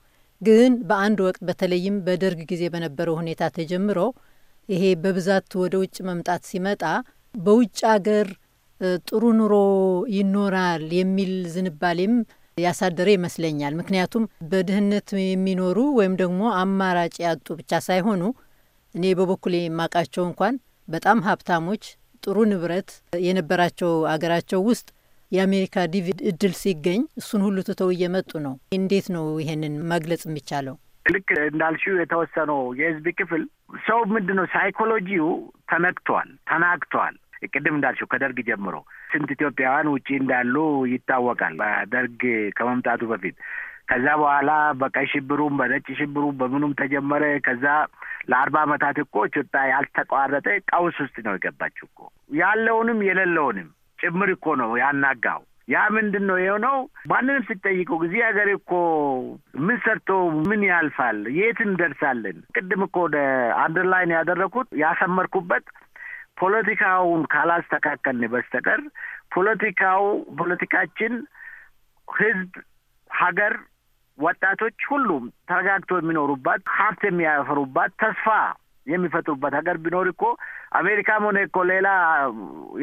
ግን በአንድ ወቅት በተለይም በደርግ ጊዜ በነበረው ሁኔታ ተጀምሮ ይሄ በብዛት ወደ ውጭ መምጣት ሲመጣ በውጭ አገር ጥሩ ኑሮ ይኖራል የሚል ዝንባሌም ያሳደረ ይመስለኛል። ምክንያቱም በድህነት የሚኖሩ ወይም ደግሞ አማራጭ ያጡ ብቻ ሳይሆኑ እኔ በበኩሌ የማቃቸው እንኳን በጣም ሀብታሞች ጥሩ ንብረት የነበራቸው አገራቸው ውስጥ የአሜሪካ ዲቪድ እድል ሲገኝ እሱን ሁሉ ትተው እየመጡ ነው። እንዴት ነው ይሄንን መግለጽ የሚቻለው? ልክ እንዳልሽው የተወሰነው የህዝብ ክፍል ሰው ምንድን ነው ሳይኮሎጂው ተነክቷል፣ ተናግቷል። ቅድም እንዳልሽው ከደርግ ጀምሮ ስንት ኢትዮጵያውያን ውጪ እንዳሉ ይታወቃል። በደርግ ከመምጣቱ በፊት ከዛ በኋላ በቀይ ሽብሩም በነጭ ሽብሩም በምኑም ተጀመረ። ከዛ ለአርባ አመታት እኮ ኢትዮጵያ ያልተቋረጠ ቀውስ ውስጥ ነው የገባችው እኮ ያለውንም የሌለውንም ጭምር እኮ ነው ያናጋው። ያ ምንድን ነው የሆነው? ማንንም ስጠይቀው ጊዜ ሀገር እኮ ምን ሰርቶ ምን ያልፋል? የት እንደርሳለን? ቅድም እኮ ወደ አንደርላይን ያደረኩት ያሰመርኩበት ፖለቲካውን ካላስተካከልን በስተቀር ፖለቲካው ፖለቲካችን ህዝብ ሀገር ወጣቶች ሁሉም ተረጋግቶ የሚኖሩባት ሀብት የሚያፈሩባት ተስፋ የሚፈጥሩበት ሀገር ቢኖር እኮ አሜሪካም ሆነ እኮ ሌላ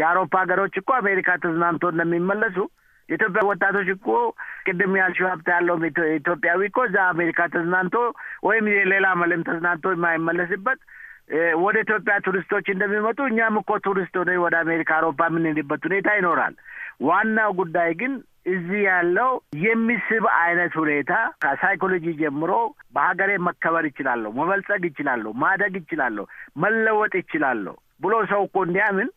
የአውሮፓ ሀገሮች እኮ አሜሪካ ተዝናንቶ እንደሚመለሱ የኢትዮጵያ ወጣቶች እኮ ቅድም ያልሽው ሀብት ያለው ኢትዮጵያዊ እኮ እዛ አሜሪካ ተዝናንቶ ወይም ሌላ መልም ተዝናንቶ የማይመለስበት ወደ ኢትዮጵያ ቱሪስቶች እንደሚመጡ እኛም እኮ ቱሪስት ሆነ ወደ አሜሪካ አውሮፓ የምንሄድበት ሁኔታ ይኖራል። ዋናው ጉዳይ ግን እዚህ ያለው የሚስብ አይነት ሁኔታ ከሳይኮሎጂ ጀምሮ በሀገሬ መከበር ይችላለሁ፣ መበልጸግ ይችላለሁ፣ ማደግ ይችላለሁ፣ መለወጥ ይችላለሁ ብሎ ሰው እኮ እንዲያምን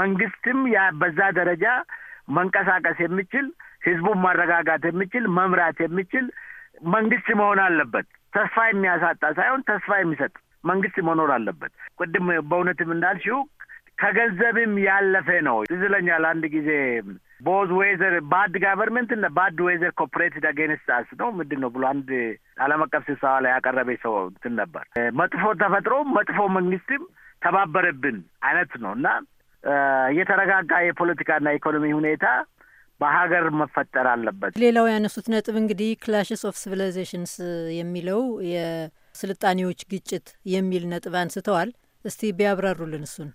መንግስትም በዛ ደረጃ መንቀሳቀስ የሚችል ህዝቡን ማረጋጋት የሚችል መምራት የሚችል መንግስት መሆን አለበት። ተስፋ የሚያሳጣ ሳይሆን ተስፋ የሚሰጥ መንግስት መኖር አለበት። ቅድም በእውነትም እንዳልሽው ከገንዘብም ያለፈ ነው። ትዝ ይለኛል አንድ ጊዜ ቦዝ ዌዘር ባድ ጋቨርንመንት እና ባድ ዌዘር ኮፕሬትድ አጌንስት አስ ነው ምንድን ነው ብሎ አንድ ዓለም አቀፍ ስብሰባ ላይ ያቀረበ ሰው እንትን ነበር። መጥፎ ተፈጥሮ መጥፎ መንግስትም ተባበረብን አይነት ነው እና የተረጋጋ የፖለቲካና ኢኮኖሚ ሁኔታ በሀገር መፈጠር አለበት። ሌላው ያነሱት ነጥብ እንግዲህ ክላሽስ ኦፍ ሲቪላይዜሽንስ የሚለው የስልጣኔዎች ግጭት የሚል ነጥብ አንስተዋል። እስቲ ቢያብራሩልን እሱን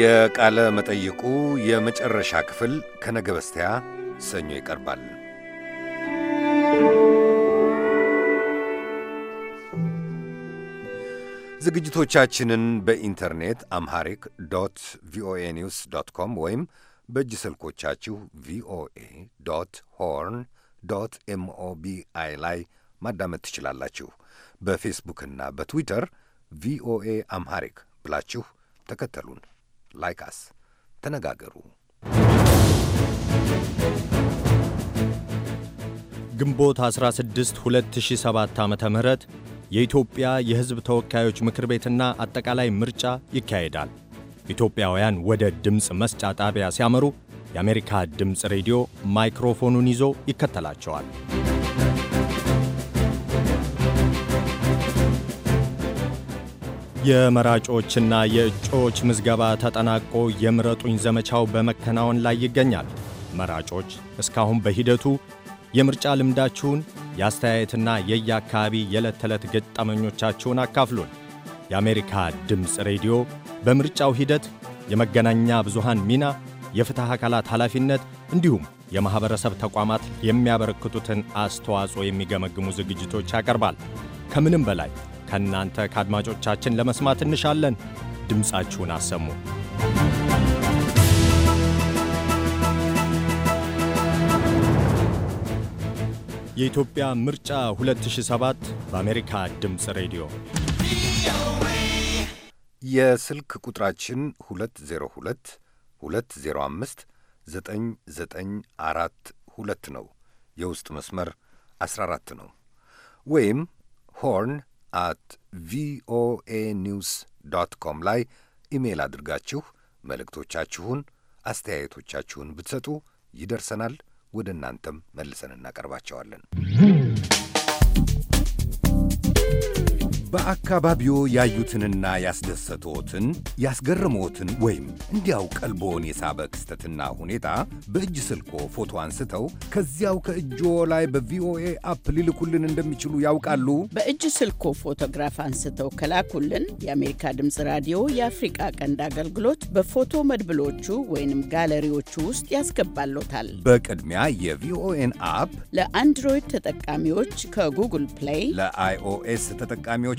የቃለ መጠይቁ የመጨረሻ ክፍል ከነገ በስቲያ ሰኞ ይቀርባል። ዝግጅቶቻችንን በኢንተርኔት አምሃሪክ ዶት ቪኦኤ ኒውስ ዶት ኮም ወይም በእጅ ስልኮቻችሁ ቪኦኤ ዶት ሆርን ዶት ኤምኦቢአይ ላይ ማዳመጥ ትችላላችሁ። በፌስቡክና በትዊተር ቪኦኤ አምሃሪክ ብላችሁ ተከተሉን። ላይካስ ተነጋገሩ። ግንቦት 16 2007 ዓ ም የኢትዮጵያ የሕዝብ ተወካዮች ምክር ቤትና አጠቃላይ ምርጫ ይካሄዳል። ኢትዮጵያውያን ወደ ድምፅ መስጫ ጣቢያ ሲያመሩ የአሜሪካ ድምፅ ሬዲዮ ማይክሮፎኑን ይዞ ይከተላቸዋል። የመራጮችና የእጩዎች ምዝገባ ተጠናቆ የምረጡኝ ዘመቻው በመከናወን ላይ ይገኛል። መራጮች እስካሁን በሂደቱ የምርጫ ልምዳችሁን የአስተያየትና የየአካባቢ የዕለት ተዕለት ገጠመኞቻችሁን አካፍሉን። የአሜሪካ ድምፅ ሬዲዮ በምርጫው ሂደት የመገናኛ ብዙሃን ሚና፣ የፍትሕ አካላት ኃላፊነት እንዲሁም የማኅበረሰብ ተቋማት የሚያበረክቱትን አስተዋጽኦ የሚገመግሙ ዝግጅቶች ያቀርባል። ከምንም በላይ ከእናንተ ከአድማጮቻችን ለመስማት እንሻለን። ድምፃችሁን አሰሙ። የኢትዮጵያ ምርጫ 2007 በአሜሪካ ድምፅ ሬዲዮ የስልክ ቁጥራችን 202 205 9942 ነው። የውስጥ መስመር 14 ነው። ወይም ሆርን አት ቪኦኤ ኒውስ ዶት ኮም ላይ ኢሜይል አድርጋችሁ መልእክቶቻችሁን፣ አስተያየቶቻችሁን ብትሰጡ ይደርሰናል። ወደ እናንተም መልሰን እናቀርባቸዋለን። በአካባቢዎ ያዩትንና ያስደሰቶትን ያስገርሞትን ወይም እንዲያው ቀልቦን የሳበ ክስተትና ሁኔታ በእጅ ስልኮ ፎቶ አንስተው ከዚያው ከእጆ ላይ በቪኦኤ አፕ ሊልኩልን እንደሚችሉ ያውቃሉ? በእጅ ስልኮ ፎቶግራፍ አንስተው ከላኩልን የአሜሪካ ድምፅ ራዲዮ የአፍሪቃ ቀንድ አገልግሎት በፎቶ መድብሎቹ ወይንም ጋለሪዎቹ ውስጥ ያስገባሎታል። በቅድሚያ የቪኦኤን አፕ ለአንድሮይድ ተጠቃሚዎች ከጉግል ፕሌይ፣ ለአይኦኤስ ተጠቃሚዎች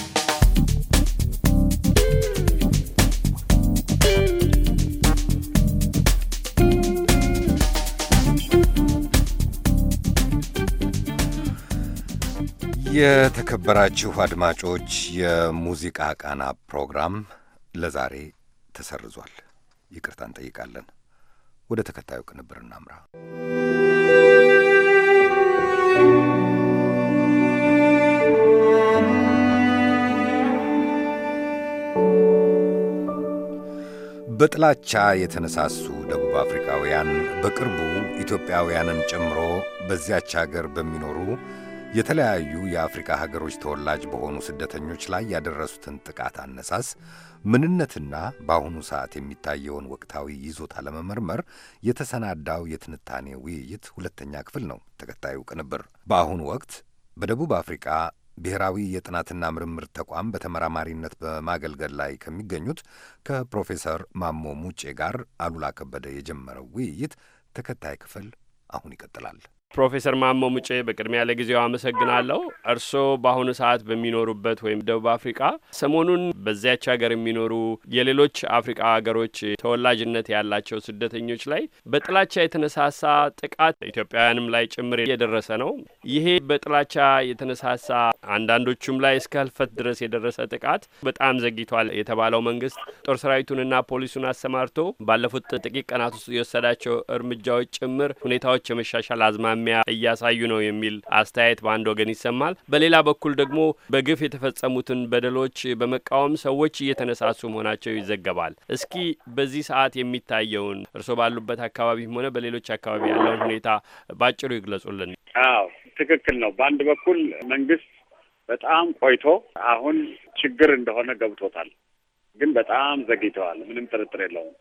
የተከበራችሁ አድማጮች የሙዚቃ ቃና ፕሮግራም ለዛሬ ተሰርዟል። ይቅርታ እንጠይቃለን። ወደ ተከታዩ ቅንብር እናምራ። በጥላቻ የተነሳሱ ደቡብ አፍሪካውያን በቅርቡ ኢትዮጵያውያንን ጨምሮ በዚያች አገር በሚኖሩ የተለያዩ የአፍሪካ ሀገሮች ተወላጅ በሆኑ ስደተኞች ላይ ያደረሱትን ጥቃት አነሳስ ምንነትና በአሁኑ ሰዓት የሚታየውን ወቅታዊ ይዞታ ለመመርመር የተሰናዳው የትንታኔ ውይይት ሁለተኛ ክፍል ነው። ተከታዩ ቅንብር በአሁኑ ወቅት በደቡብ አፍሪካ ብሔራዊ የጥናትና ምርምር ተቋም በተመራማሪነት በማገልገል ላይ ከሚገኙት ከፕሮፌሰር ማሞ ሙጬ ጋር አሉላ ከበደ የጀመረው ውይይት ተከታይ ክፍል አሁን ይቀጥላል። ፕሮፌሰር ማሞ ሙጬ በቅድሚያ ለጊዜው አመሰግናለሁ። እርስዎ በአሁኑ ሰዓት በሚኖሩበት ወይም ደቡብ አፍሪካ ሰሞኑን በዚያች ሀገር የሚኖሩ የሌሎች አፍሪካ ሀገሮች ተወላጅነት ያላቸው ስደተኞች ላይ በጥላቻ የተነሳሳ ጥቃት ኢትዮጵያውያንም ላይ ጭምር የደረሰ ነው። ይሄ በጥላቻ የተነሳሳ አንዳንዶቹም ላይ እስከ ህልፈት ድረስ የደረሰ ጥቃት በጣም ዘግይቷል የተባለው መንግስት ጦር ሰራዊቱንና ፖሊሱን አሰማርቶ ባለፉት ጥቂት ቀናት ውስጥ የወሰዳቸው እርምጃዎች ጭምር ሁኔታዎች የመሻሻል አዝማሚያ እያሳዩ ነው የሚል አስተያየት በአንድ ወገን ይሰማል። በሌላ በኩል ደግሞ በግፍ የተፈጸሙትን በደሎች በመቃወም ሰዎች እየተነሳሱ መሆናቸው ይዘገባል። እስኪ በዚህ ሰዓት የሚታየውን እርስዎ ባሉበት አካባቢም ሆነ በሌሎች አካባቢ ያለውን ሁኔታ ባጭሩ ይግለጹልን። አዎ ትክክል ነው። በአንድ በኩል መንግስት በጣም ቆይቶ አሁን ችግር እንደሆነ ገብቶታል። ግን በጣም ዘግይተዋል፣ ምንም ጥርጥር የለውም።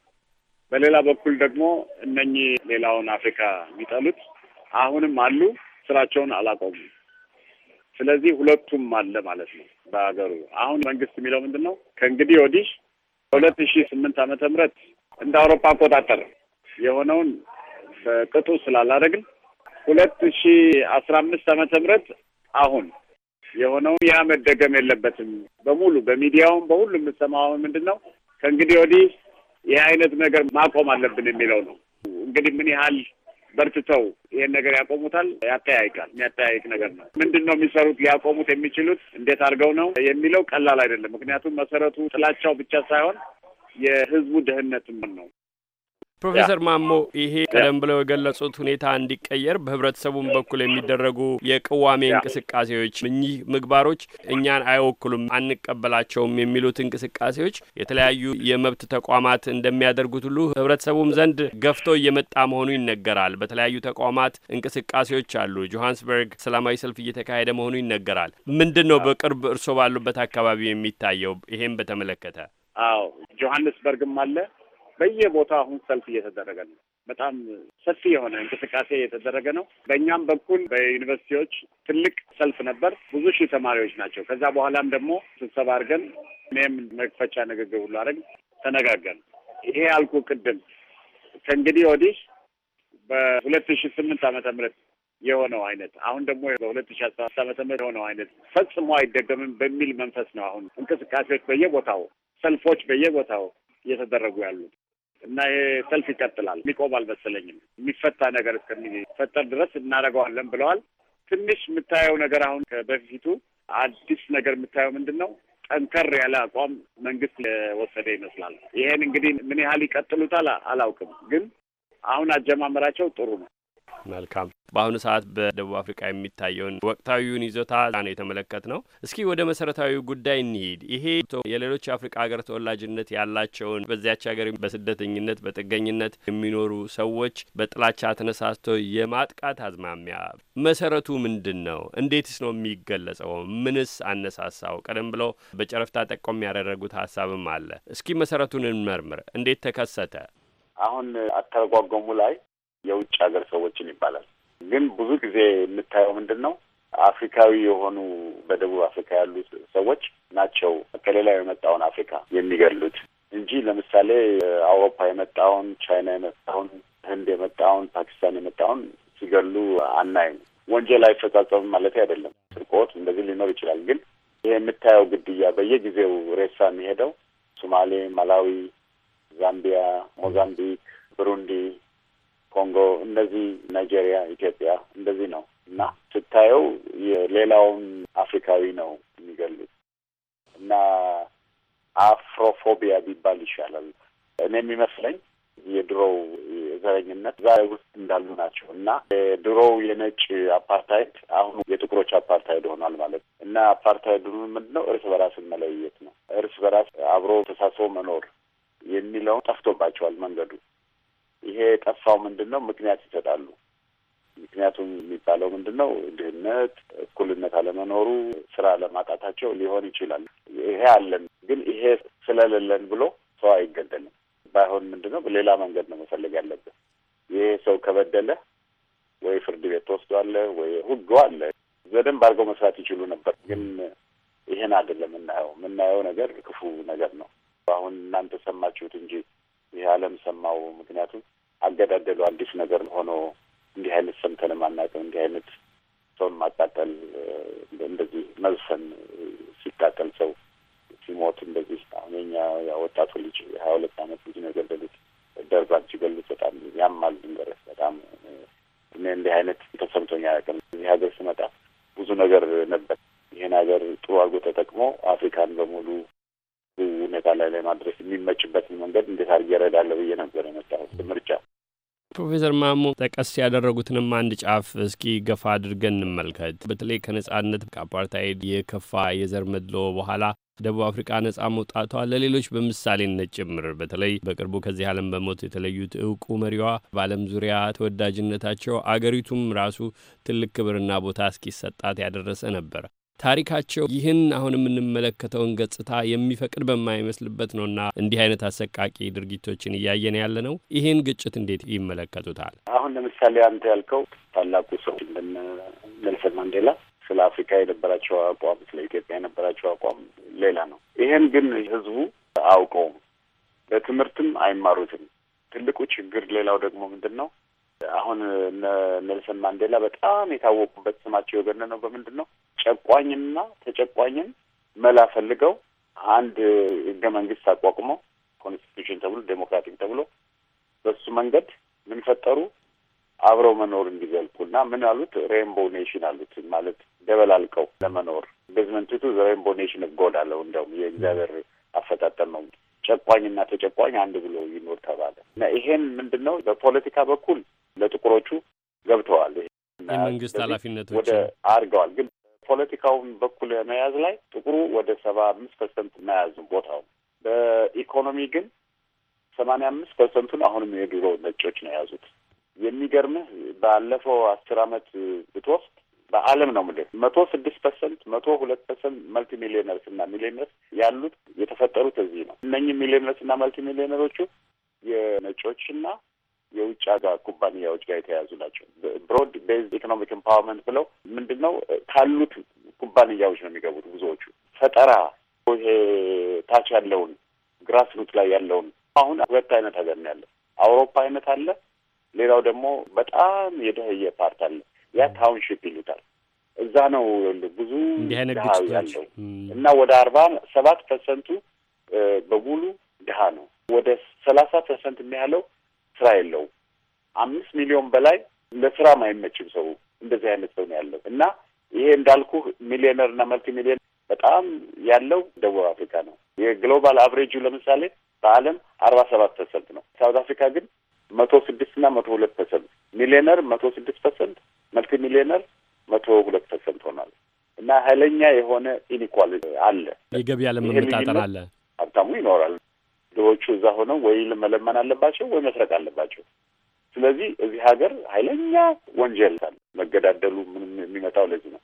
በሌላ በኩል ደግሞ እነኚህ ሌላውን አፍሪካ የሚጠሉት አሁንም አሉ፣ ስራቸውን አላቆሙም። ስለዚህ ሁለቱም አለ ማለት ነው በሀገሩ። አሁን መንግስት የሚለው ምንድን ነው? ከእንግዲህ ወዲህ ሁለት ሺ ስምንት ዓመተ ምህረት እንደ አውሮፓ አቆጣጠር የሆነውን በቅጡ ስላላደረግን ሁለት ሺ አስራ አምስት ዓመተ ምህረት አሁን የሆነውን ያ መደገም የለበትም። በሙሉ በሚዲያውም በሁሉም የምሰማው ምንድን ነው ከእንግዲህ ወዲህ ይህ አይነት ነገር ማቆም አለብን የሚለው ነው። እንግዲህ ምን ያህል በርትተው ይሄን ነገር ያቆሙታል ያተያይቃል። የሚያተያይቅ ነገር ነው። ምንድን ነው የሚሰሩት? ሊያቆሙት የሚችሉት እንዴት አድርገው ነው የሚለው ቀላል አይደለም። ምክንያቱም መሰረቱ ጥላቻው ብቻ ሳይሆን የህዝቡ ደህንነትም ነው። ፕሮፌሰር ማሞ ይሄ ቀደም ብለው የገለጹት ሁኔታ እንዲቀየር በህብረተሰቡም በኩል የሚደረጉ የቅዋሜ እንቅስቃሴዎች እኚህ ምግባሮች እኛን አይወክሉም፣ አንቀበላቸውም የሚሉት እንቅስቃሴዎች የተለያዩ የመብት ተቋማት እንደሚያደርጉት ሁሉ ህብረተሰቡም ዘንድ ገፍቶ እየመጣ መሆኑ ይነገራል። በተለያዩ ተቋማት እንቅስቃሴዎች አሉ። ጆሃንስበርግ ሰላማዊ ሰልፍ እየተካሄደ መሆኑ ይነገራል። ምንድን ነው በቅርብ እርስዎ ባሉበት አካባቢ የሚታየው ይሄም በተመለከተ? አዎ ጆሀንስበርግም አለ በየቦታ አሁን ሰልፍ እየተደረገ ነው። በጣም ሰፊ የሆነ እንቅስቃሴ እየተደረገ ነው። በእኛም በኩል በዩኒቨርሲቲዎች ትልቅ ሰልፍ ነበር። ብዙ ሺህ ተማሪዎች ናቸው። ከዛ በኋላም ደግሞ ስብሰባ አድርገን እኔም መክፈቻ ንግግር ሁሉ አድረግ ተነጋገን። ይሄ ያልኩ ቅድም ከእንግዲህ ወዲህ በሁለት ሺ ስምንት ዓመተ ምህረት የሆነው አይነት አሁን ደግሞ በሁለት ሺ አስራ አምስት ዓመተ ምህረት የሆነው አይነት ፈጽሞ አይደገምም በሚል መንፈስ ነው አሁን እንቅስቃሴዎች በየቦታው ሰልፎች በየቦታው እየተደረጉ ያሉት። እና ሰልፍ ይቀጥላል። የሚቆም አልመሰለኝም። የሚፈታ ነገር እስከሚፈጠር ድረስ እናደርገዋለን ብለዋል። ትንሽ የምታየው ነገር አሁን በፊቱ አዲስ ነገር የምታየው ምንድን ነው? ጠንከር ያለ አቋም መንግስት የወሰደ ይመስላል። ይሄን እንግዲህ ምን ያህል ይቀጥሉታል አላውቅም፣ ግን አሁን አጀማመራቸው ጥሩ ነው። መልካም በአሁኑ ሰዓት በደቡብ አፍሪካ የሚታየውን ወቅታዊውን ይዞታ ነው የተመለከት ነው። እስኪ ወደ መሰረታዊ ጉዳይ እንሂድ። ይሄ የሌሎች የአፍሪካ ሀገር ተወላጅነት ያላቸውን በዚያች ሀገር በስደተኝነት በጥገኝነት የሚኖሩ ሰዎች በጥላቻ ተነሳስቶ የማጥቃት አዝማሚያ መሰረቱ ምንድን ነው? እንዴትስ ነው የሚገለጸው? ምንስ አነሳሳው? ቀደም ብለው በጨረፍታ ጠቆም ያደረጉት ሀሳብም አለ። እስኪ መሰረቱን እንመርምር። እንዴት ተከሰተ? አሁን አተረጓጎሙ ላይ የውጭ ሀገር ሰዎችን ይባላል ግን ብዙ ጊዜ የምታየው ምንድን ነው አፍሪካዊ የሆኑ በደቡብ አፍሪካ ያሉ ሰዎች ናቸው ከሌላ የመጣውን አፍሪካ የሚገሉት እንጂ ለምሳሌ አውሮፓ የመጣውን፣ ቻይና የመጣውን፣ ህንድ የመጣውን፣ ፓኪስታን የመጣውን ሲገሉ አናይም። ወንጀል አይፈጻጸምም ማለት አይደለም። ስርቆት እንደዚህ ሊኖር ይችላል። ግን ይሄ የምታየው ግድያ በየጊዜው ሬሳ የሚሄደው ሶማሌ፣ ማላዊ፣ ዛምቢያ፣ ሞዛምቢክ፣ ብሩንዲ ኮንጎ፣ እንደዚህ ናይጄሪያ፣ ኢትዮጵያ እንደዚህ ነው እና ስታየው የሌላውን አፍሪካዊ ነው የሚገልጽ እና አፍሮፎቢያ ቢባል ይሻላል። እኔ የሚመስለኝ የድሮው ዘረኝነት ዛሬ ውስጥ እንዳሉ ናቸው እና የድሮው የነጭ አፓርታይድ አሁኑ የጥቁሮች አፓርታይድ ሆኗል ማለት ነው እና አፓርታይድ ምንድን ነው? እርስ በራስን መለየት ነው። እርስ በራስ አብሮ ተሳስቦ መኖር የሚለውን ጠፍቶባቸዋል መንገዱ ይሄ የጠፋው ምንድን ነው? ምክንያት ይሰጣሉ። ምክንያቱም የሚባለው ምንድን ነው? ድህነት፣ እኩልነት አለመኖሩ፣ ስራ ለማጣታቸው ሊሆን ይችላል። ይሄ አለን ግን ይሄ ስለሌለን ብሎ ሰው አይገደልም። ባይሆን ምንድን ነው ሌላ መንገድ ነው መፈለግ ያለብን። ይሄ ሰው ከበደለ ወይ ፍርድ ቤት ተወስዷል ወይ ህጉ አለ። በደንብ አድርገው መስራት ይችሉ ነበር። ግን ይህን አይደለም የምናየው። የምናየው ነገር ክፉ ነገር ነው። አሁን እናንተ ሰማችሁት እንጂ ይህ ዓለም ሰማው። ምክንያቱም አገዳደሉ አዲስ ነገር ሆኖ እንዲህ አይነት ሰምተንም አናውቅም። እንዲህ አይነት ሰውን ማቃጠል እንደዚህ መዝፈን ሲቃጠል ሰው ሲሞት እንደዚህ አሁን የኛ ወጣቱ ልጅ ሀያ ሁለት አመት ልጅ ነው የገደሉት። ደርባን ሲገሉት በጣም ያማል። ድንገረስ በጣም እኔ እንዲህ አይነት ተሰምቶኝ አያውቅም። እዚህ ሀገር ስመጣ ብዙ ነገር ነበር። ይህን ሀገር ጥሩ አድርጎ ተጠቅሞ አፍሪካን በሙሉ ሁኔታ ላይ ላይ ማድረስ የሚመችበትን መንገድ እንዴት አድርጌ እረዳለሁ ብዬ ነበር የመጣሁት ምርጫ። ፕሮፌሰር ማሞ ጠቀስ ያደረጉትንም አንድ ጫፍ እስኪ ገፋ አድርገን እንመልከት። በተለይ ከነጻነት ከአፓርታይድ የከፋ የዘር መድሎ በኋላ ደቡብ አፍሪካ ነጻ መውጣቷ ለሌሎች በምሳሌነት ጭምር በተለይ በቅርቡ ከዚህ ዓለም በሞት የተለዩት እውቁ መሪዋ በዓለም ዙሪያ ተወዳጅነታቸው አገሪቱም ራሱ ትልቅ ክብርና ቦታ እስኪሰጣት ያደረሰ ነበር። ታሪካቸው ይህን አሁን የምንመለከተውን ገጽታ የሚፈቅድ በማይመስልበት ነውና እንዲህ አይነት አሰቃቂ ድርጊቶችን እያየን ያለ ነው። ይህን ግጭት እንዴት ይመለከቱታል? አሁን ለምሳሌ አንተ ያልከው ታላቁ ሰው እንደነ ኔልሰን ማንዴላ ስለ አፍሪካ የነበራቸው አቋም፣ ስለ ኢትዮጵያ የነበራቸው አቋም ሌላ ነው። ይሄን ግን ህዝቡ አያውቀውም፣ በትምህርትም አይማሩትም። ትልቁ ችግር ሌላው ደግሞ ምንድን ነው? አሁን እነ ኔልሰን ማንዴላ በጣም የታወቁበት ስማቸው የገነ ነው። በምንድን ነው ጨቋኝና ተጨቋኝን መላ ፈልገው አንድ ህገ መንግስት አቋቁመው ኮንስቲቱሽን ተብሎ ዴሞክራቲክ ተብሎ በሱ መንገድ ምን ፈጠሩ? አብረው መኖር እንዲዘልቁ እና ምን አሉት? ሬንቦ ኔሽን አሉት። ማለት ደበላልቀው ለመኖር ቤዝመንት ቱ ሬንቦ ኔሽን ጎድ አለው። እንደውም የእግዚአብሔር አፈጣጠር ነው። ጨቋኝና ተጨቋኝ አንድ ብሎ ይኖር ተባለ እና ይሄን ምንድን ነው በፖለቲካ በኩል ጥቁሮቹ ገብተዋል። የመንግስት ኃላፊነቶች ወደ አድርገዋል። ግን ፖለቲካውን በኩል መያዝ ላይ ጥቁሩ ወደ ሰባ አምስት ፐርሰንት መያዝ ቦታው በኢኮኖሚ ግን ሰማንያ አምስት ፐርሰንቱን አሁንም የድሮ ነጮች ነው የያዙት። የሚገርምህ ባለፈው አስር አመት ብትወስድ በዓለም ነው ምልህ መቶ ስድስት ፐርሰንት መቶ ሁለት ፐርሰንት መልቲ ሚሊዮነርስ እና ሚሊዮነርስ ያሉት የተፈጠሩት እዚህ ነው። እነኚህ ሚሊዮነርስ እና መልቲ ሚሊዮነሮቹ የነጮችና ከውጭ ሀገር ኩባንያዎች ጋር የተያያዙ ናቸው። ብሮድ ቤዝ ኢኮኖሚክ ኤምፓወርመንት ብለው ምንድን ነው ካሉት ኩባንያዎች ነው የሚገቡት ብዙዎቹ ፈጠራ ይሄ ታች ያለውን ግራስ ሩት ላይ ያለውን አሁን ሁለት አይነት ሀገር ያለ አውሮፓ አይነት አለ። ሌላው ደግሞ በጣም የደህየ ፓርት አለ። ያ ታውንሺፕ ይሉታል። እዛ ነው ብዙ ድሃ ያለው እና ወደ አርባ ሰባት ፐርሰንቱ በሙሉ ድሃ ነው። ወደ ሰላሳ ፐርሰንት የሚያለው ስራ የለው አምስት ሚሊዮን በላይ ለስራም አይመችም ሰው እንደዚህ አይነት ሰው ነው ያለው እና ይሄ እንዳልኩ ሚሊዮነር እና መልቲ ሚሊዮን በጣም ያለው ደቡብ አፍሪካ ነው። የግሎባል አቨሬጁ ለምሳሌ በዓለም አርባ ሰባት ፐርሰንት ነው። ሳውት አፍሪካ ግን መቶ ስድስት እና መቶ ሁለት ፐርሰንት ሚሊዮነር መቶ ስድስት ፐርሰንት መልቲ ሚሊዮነር መቶ ሁለት ፐርሰንት ሆኗል። እና ኃይለኛ የሆነ ኢኒኳሊቲ አለ። የገቢ ያለመመጣጠን አለ። ሀብታሙ ይኖራል። ድሆቹ እዛ ሆነው ወይ መለመን አለባቸው ወይ መስረቅ አለባቸው። ስለዚህ እዚህ ሀገር ኃይለኛ ወንጀል አለ። መገዳደሉ ምንም የሚመጣው ለዚህ ነው።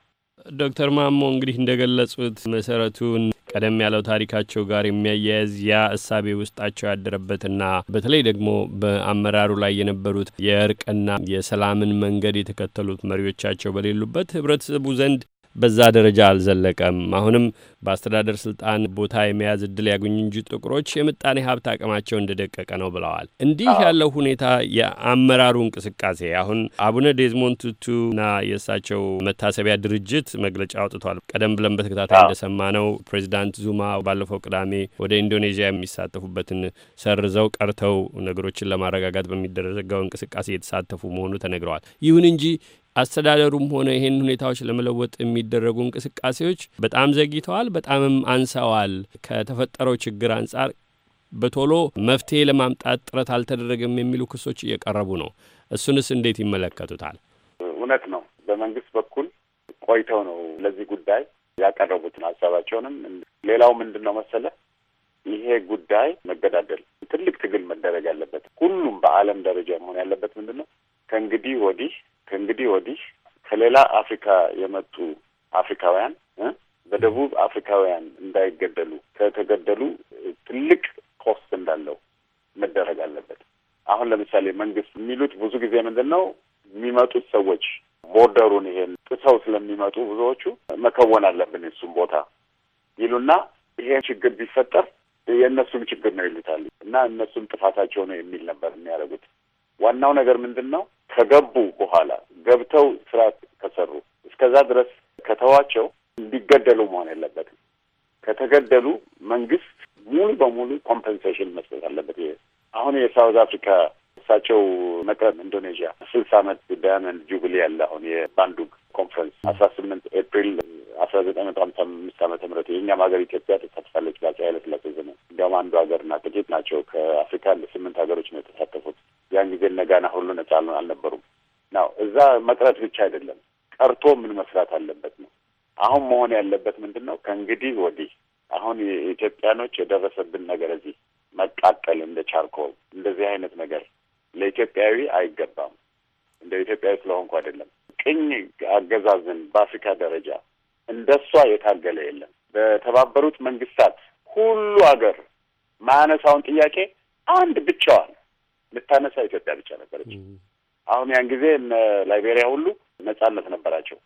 ዶክተር ማሞ እንግዲህ እንደገለጹት መሰረቱን ቀደም ያለው ታሪካቸው ጋር የሚያያዝ ያ እሳቤ ውስጣቸው ያደረበትና በተለይ ደግሞ በአመራሩ ላይ የነበሩት የእርቅና የሰላምን መንገድ የተከተሉት መሪዎቻቸው በሌሉበት ህብረተሰቡ ዘንድ በዛ ደረጃ አልዘለቀም። አሁንም በአስተዳደር ስልጣን ቦታ የመያዝ እድል ያገኙ እንጂ ጥቁሮች የምጣኔ ሀብት አቅማቸው እንደደቀቀ ነው ብለዋል። እንዲህ ያለው ሁኔታ የአመራሩ እንቅስቃሴ አሁን አቡነ ዴዝሞንድ ቱቱና የእሳቸው መታሰቢያ ድርጅት መግለጫ አውጥቷል። ቀደም ብለን በተከታታይ ነው ፕሬዚዳንት ዙማ ባለፈው ቅዳሜ ወደ ኢንዶኔዥያ የሚሳተፉበትን ሰርዘው ቀርተው ነገሮችን ለማረጋጋት በሚደረገው እንቅስቃሴ የተሳተፉ መሆኑ ተነግረዋል። ይሁን እንጂ አስተዳደሩም ሆነ ይህን ሁኔታዎች ለመለወጥ የሚደረጉ እንቅስቃሴዎች በጣም ዘግይተዋል፣ በጣምም አንሰዋል። ከተፈጠረው ችግር አንጻር በቶሎ መፍትሄ ለማምጣት ጥረት አልተደረገም የሚሉ ክሶች እየቀረቡ ነው። እሱንስ እንዴት ይመለከቱታል? እውነት ነው። በመንግስት በኩል ቆይተው ነው ለዚህ ጉዳይ ያቀረቡትን ሀሳባቸውንም። ሌላው ምንድን ነው መሰለ ይሄ ጉዳይ መገዳደል ትልቅ ትግል መደረግ ያለበት ሁሉም በዓለም ደረጃ መሆን ያለበት ምንድን ነው ከእንግዲህ ወዲህ ከእንግዲህ ወዲህ ከሌላ አፍሪካ የመጡ አፍሪካውያን በደቡብ አፍሪካውያን እንዳይገደሉ ከተገደሉ ትልቅ ኮስት እንዳለው መደረግ አለበት። አሁን ለምሳሌ መንግስት የሚሉት ብዙ ጊዜ ምንድን ነው የሚመጡት ሰዎች ቦርደሩን ይሄን ጥሰው ስለሚመጡ ብዙዎቹ መከወን አለብን እሱም ቦታ ይሉና ይሄን ችግር ቢፈጠር የእነሱም ችግር ነው ይሉታል እና እነሱም ጥፋታቸው ነው የሚል ነበር የሚያደርጉት። ዋናው ነገር ምንድን ነው ከገቡ በኋላ ገብተው ስራ ከሰሩ እስከዛ ድረስ ከተዋቸው እንዲገደሉ መሆን የለበትም። ከተገደሉ መንግስት ሙሉ በሙሉ ኮምፐንሴሽን መስጠት አለበት። አሁን የሳውዝ አፍሪካ እሳቸው መቅረብ ኢንዶኔዥያ ስልሳ አመት ዳያመንድ ጁብሊ ያለ አሁን የባንዱግ ኮንፈረንስ አስራ ስምንት ኤፕሪል አስራ ዘጠኝ መቶ ሀምሳ አምስት አመተ ምህረት የእኛም ሀገር ኢትዮጵያ ተሳትፋለች በአፄ ኃይለ ሥላሴ ዘመን። እንዲያውም አንዱ ሀገር እና ጥቂት ናቸው ከአፍሪካ ስምንት ሀገሮች ነው የተሳተፉት። ያን ጊዜ እነ ሁሉ ነጻ አልነበሩም ናው እዛ መቅረት ብቻ አይደለም ቀርቶ ምን መስራት አለበት ነው። አሁን መሆን ያለበት ምንድን ነው? ከእንግዲህ ወዲህ አሁን የኢትዮጵያኖች የደረሰብን ነገር እዚህ መቃጠል እንደ ቻርኮል እንደዚህ አይነት ነገር ለኢትዮጵያዊ አይገባም። እንደ ኢትዮጵያዊ ስለሆንኩ አይደለም። ቅኝ አገዛዝን በአፍሪካ ደረጃ እንደሷ የታገለ የለም። በተባበሩት መንግስታት ሁሉ ሀገር ማያነሳውን ጥያቄ አንድ ብቻዋን ልታነሳ ኢትዮጵያ ብቻ ነበረች። አሁን ያን ጊዜ እነ ላይቤሪያ ሁሉ ነጻነት ነበራቸው፣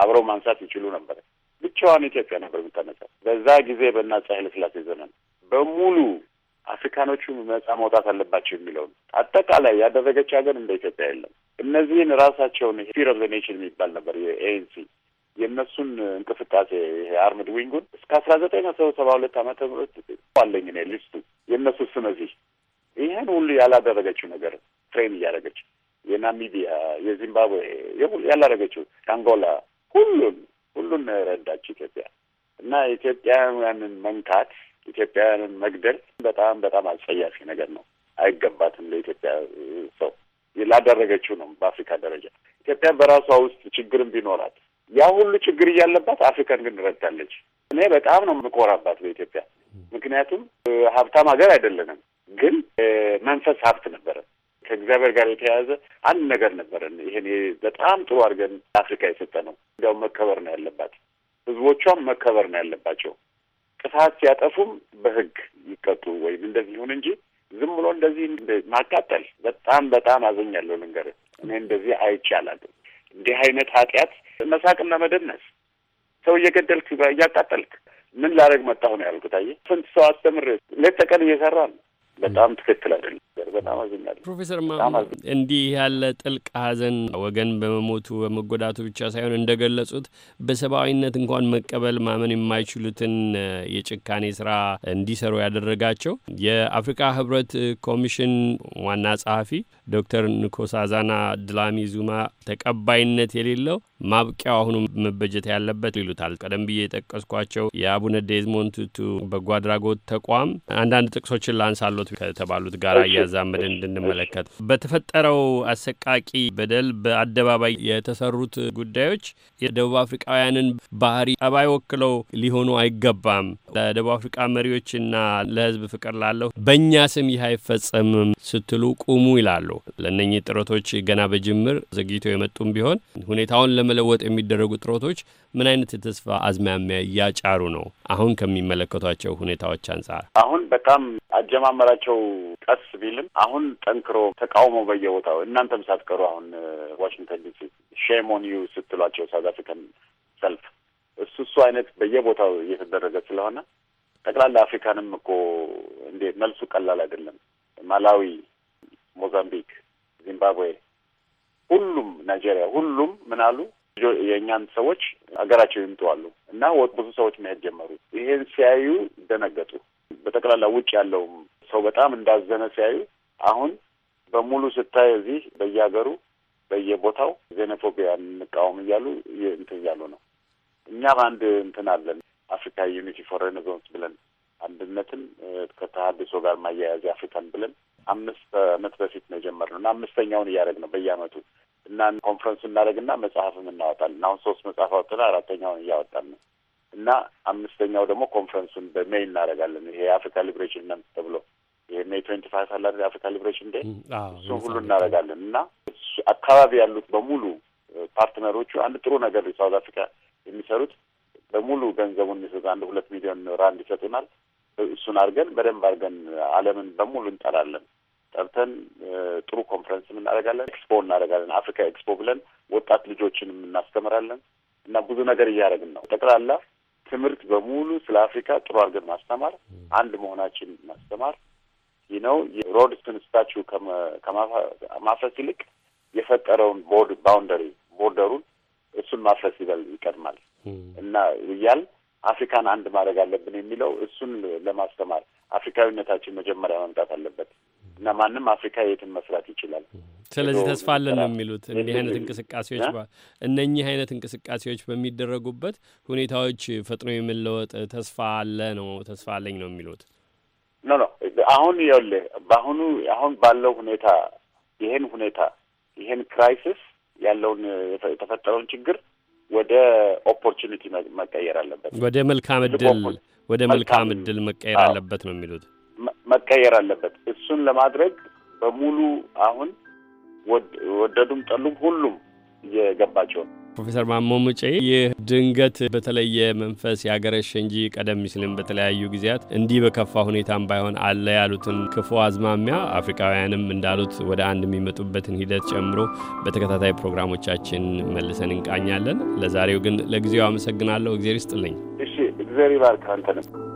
አብረው ማንሳት ይችሉ ነበረ። ብቻዋን ኢትዮጵያ ነበር የምታነሳው። በዛ ጊዜ በአፄ ኃይለ ሥላሴ ዘመን በሙሉ አፍሪካኖቹ ነጻ መውጣት አለባቸው የሚለውን አጠቃላይ ያደረገች ሀገር እንደ ኢትዮጵያ የለም። እነዚህን ራሳቸውን ፊር ኦፍ ዘ ኔሽን የሚባል ነበር የኤኤንሲ የእነሱን እንቅስቃሴ ይሄ አርምድ ዊንጉን እስከ አስራ ዘጠኝ መቶ ሰባ ሁለት ዓመተ ምህረት አለኝ እኔ ሊስቱ የእነሱ ስም እዚህ ይህን ሁሉ ያላደረገችው ነገር ትሬን እያደረገች የናሚቢያ፣ የዚምባብዌ ያላደረገችው የአንጎላ ሁሉን ሁሉን ረዳች ኢትዮጵያ እና ኢትዮጵያውያንን መንካት ኢትዮጵያውያንን መግደል በጣም በጣም አጸያፊ ነገር ነው። አይገባትም ለኢትዮጵያ ሰው ላደረገችው ነው። በአፍሪካ ደረጃ ኢትዮጵያ በራሷ ውስጥ ችግርም ቢኖራት ያ ሁሉ ችግር እያለባት አፍሪካን ግን ረድታለች። እኔ በጣም ነው የምኮራባት በኢትዮጵያ ምክንያቱም ሀብታም ሀገር አይደለንም። ግን መንፈስ ሀብት ነበረ። ከእግዚአብሔር ጋር የተያያዘ አንድ ነገር ነበረን። ይሄን በጣም ጥሩ አድርገን አፍሪካ የሰጠ ነው። እንዲያውም መከበር ነው ያለባት፣ ህዝቦቿም መከበር ነው ያለባቸው። ጥፋት ሲያጠፉም በህግ ይቀጡ ወይም እንደዚህ ይሁን እንጂ ዝም ብሎ እንደዚህ ማቃጠል በጣም በጣም አዘኛለሁ። ልንገርህ እኔ እንደዚህ አይቻላል። እንዲህ አይነት ኃጢአት መሳቅና መደነስ፣ ሰው እየገደልክ እያቃጠልክ ምን ላደርግ መጣሁ ነው ያልኩት። አየህ ስንት ሰው አስተምር ሌት ተቀን እየሰራ ነው በጣም ትክክል አይደለም። በጣም አዝኛለሁ ፕሮፌሰር እንዲህ ያለ ጥልቅ ሀዘን ወገን በመሞቱ በመጎዳቱ ብቻ ሳይሆን እንደ ገለጹት በሰብአዊነት እንኳን መቀበል ማመን የማይችሉትን የጭካኔ ስራ እንዲሰሩ ያደረጋቸው የአፍሪካ ህብረት ኮሚሽን ዋና ጸሐፊ ዶክተር ንኮሳዛና ድላሚ ዙማ ተቀባይነት የሌለው ማብቂያው አሁኑ መበጀት ያለበት ይሉታል። ቀደም ብዬ የጠቀስኳቸው የአቡነ ዴዝሞንድ ቱቱ በጎ አድራጎት ተቋም አንዳንድ ጥቅሶችን ላንሳሎት ከተባሉት ጋር እያዛመድን እንድንመለከት በተፈጠረው አሰቃቂ በደል በአደባባይ የተሰሩት ጉዳዮች የደቡብ አፍሪካውያንን ባህሪ ጠባይ ወክለው ሊሆኑ አይገባም። ለደቡብ አፍሪካ መሪዎችና ለህዝብ ፍቅር ላለው በእኛ ስም ይህ አይፈጸምም ስትሉ ቁሙ ይላሉ። ለእነኚህ ጥረቶች ገና በጅምር ዘግይቶ የመጡም ቢሆን ሁኔታውን ለመለወጥ የሚደረጉ ጥረቶች ምን አይነት የተስፋ አዝማሚያ እያጫሩ ነው? አሁን ከሚመለከቷቸው ሁኔታዎች አንጻር አሁን በጣም አጀማመራቸው ቀስ ቢልም አሁን ጠንክሮ ተቃውሞ በየቦታው እናንተም ሳትቀሩ አሁን ዋሽንግተን ዲሲ ሼሞኒዩ ስትሏቸው ሳውት አፍሪካን ሰልፍ እሱ እሱ አይነት በየቦታው እየተደረገ ስለሆነ ጠቅላላ አፍሪካንም እኮ እንዴ መልሱ ቀላል አይደለም። ማላዊ፣ ሞዛምቢክ፣ ዚምባብዌ፣ ሁሉም ናይጄሪያ፣ ሁሉም ምን አሉ የእኛን ሰዎች ሀገራቸው ይምጠዋሉ እና ብዙ ሰዎች መሄድ ጀመሩ። ይሄን ሲያዩ ደነገጡ። በጠቅላላ ውጭ ያለውም ሰው በጣም እንዳዘነ ሲያዩ አሁን በሙሉ ስታይ እዚህ በየሀገሩ በየቦታው ዜኖፎቢያ እንቃወም እያሉ እንትን እያሉ ነው። እኛ በአንድ እንትን አለን አፍሪካ ዩኒቲ ፎር ሬኔሳንስ ብለን አንድነትን ከተሀድሶ ጋር ማያያዝ አፍሪካን ብለን አምስት ዓመት በፊት ነው የጀመርነው እና አምስተኛውን እያደረግ ነው በየአመቱ። እና ኮንፈረንስ እናደርግና መጽሐፍም እናወጣለን። አሁን ሶስት መጽሐፍ አውጥተናል፣ አራተኛውን እያወጣን ነው እና አምስተኛው ደግሞ ኮንፈረንሱን በሜይ እናደርጋለን። ይሄ የአፍሪካ ሊብሬሽን መንት ተብሎ ይሄ ሜይ ትዌንቲ ፋይቭ አላ የአፍሪካ ሊብሬሽን ዴ እሱን ሁሉ እናደርጋለን እና አካባቢ ያሉት በሙሉ ፓርትነሮቹ አንድ ጥሩ ነገር ሳውዝ አፍሪካ የሚሰሩት በሙሉ ገንዘቡን የሚሰጡ አንድ ሁለት ሚሊዮን ራንድ ይሰጡናል። እሱን አድርገን በደንብ አድርገን ዓለምን በሙሉ እንጠራለን። ጠርተን ጥሩ ኮንፈረንስም እናደርጋለን፣ ኤክስፖ እናደርጋለን። አፍሪካ ኤክስፖ ብለን ወጣት ልጆችንም እናስተምራለን እና ብዙ ነገር እያደረግን ነው። ጠቅላላ ትምህርት በሙሉ ስለ አፍሪካ ጥሩ አድርገን ማስተማር፣ አንድ መሆናችን ማስተማር ነው። ሮድስን ስታችሁ ከማፍረስ ይልቅ የፈጠረውን ቦርድ ባውንደሪ ቦርደሩን እሱን ማፍረስ ይበል ይቀድማል እና እያል አፍሪካን አንድ ማድረግ አለብን የሚለው እሱን ለማስተማር አፍሪካዊነታችን መጀመሪያ መምጣት አለበት እና ማንም አፍሪካ የትን መስራት ይችላል። ስለዚህ ተስፋ አለን ነው የሚሉት። እንዲህ አይነት እንቅስቃሴዎች እነኚህ አይነት እንቅስቃሴዎች በሚደረጉበት ሁኔታዎች ፈጥኖ የመለወጥ ተስፋ አለ ነው ተስፋ አለኝ ነው የሚሉት። ኖ ኖ አሁን ይኸውልህ በአሁኑ አሁን ባለው ሁኔታ ይሄን ሁኔታ ይሄን ክራይሲስ ያለውን የተፈጠረውን ችግር ወደ ኦፖርቹኒቲ መቀየር አለበት። ወደ መልካም እድል ወደ መልካም እድል መቀየር አለበት ነው የሚሉት። መቀየር አለበት። እሱን ለማድረግ በሙሉ አሁን ወደዱም ጠሉም ሁሉም እየገባቸው ነው። ፕሮፌሰር ማሞ ሙጬ ይህ ድንገት በተለየ መንፈስ ያገረሸ እንጂ ቀደም ሲልም በተለያዩ ጊዜያት እንዲህ በከፋ ሁኔታም ባይሆን አለ ያሉትን ክፉ አዝማሚያ አፍሪካውያንም እንዳሉት ወደ አንድ የሚመጡበትን ሂደት ጨምሮ በተከታታይ ፕሮግራሞቻችን መልሰን እንቃኛለን። ለዛሬው ግን ለጊዜው አመሰግናለሁ። እግዜር ይስጥልኝ። እሺ፣ እግዜር ይባርክ አንተንም።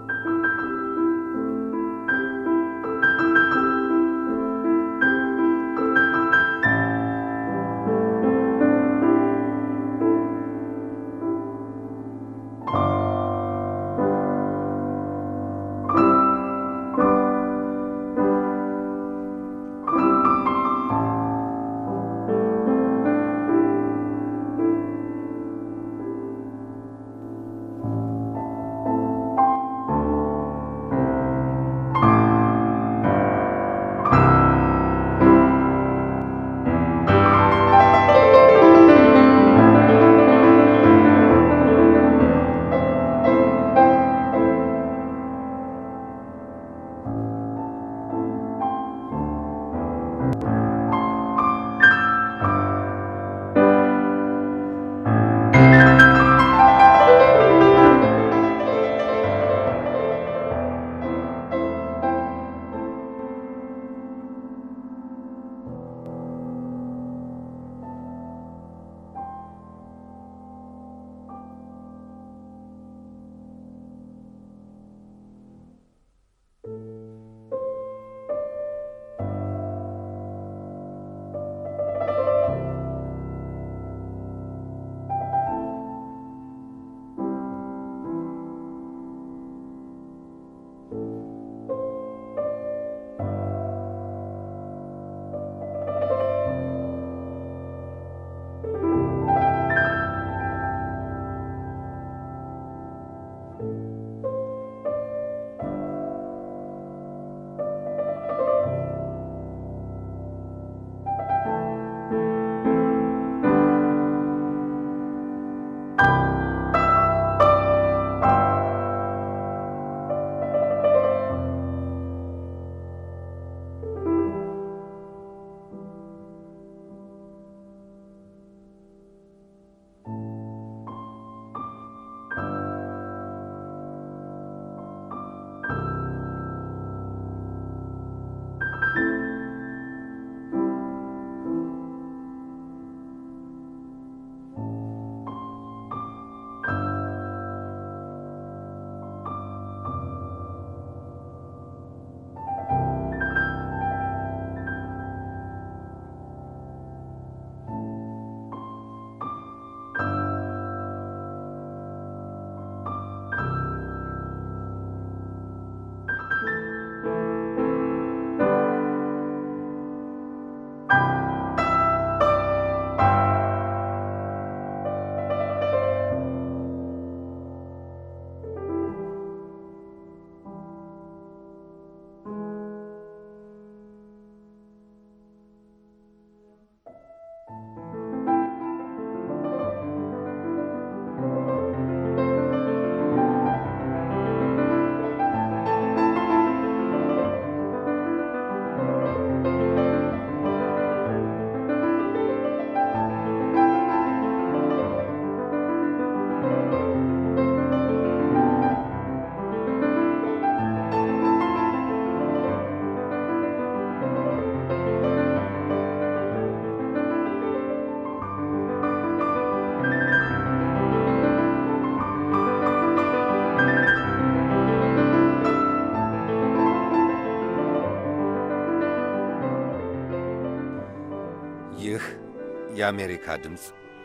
የአሜሪካ ድምፅ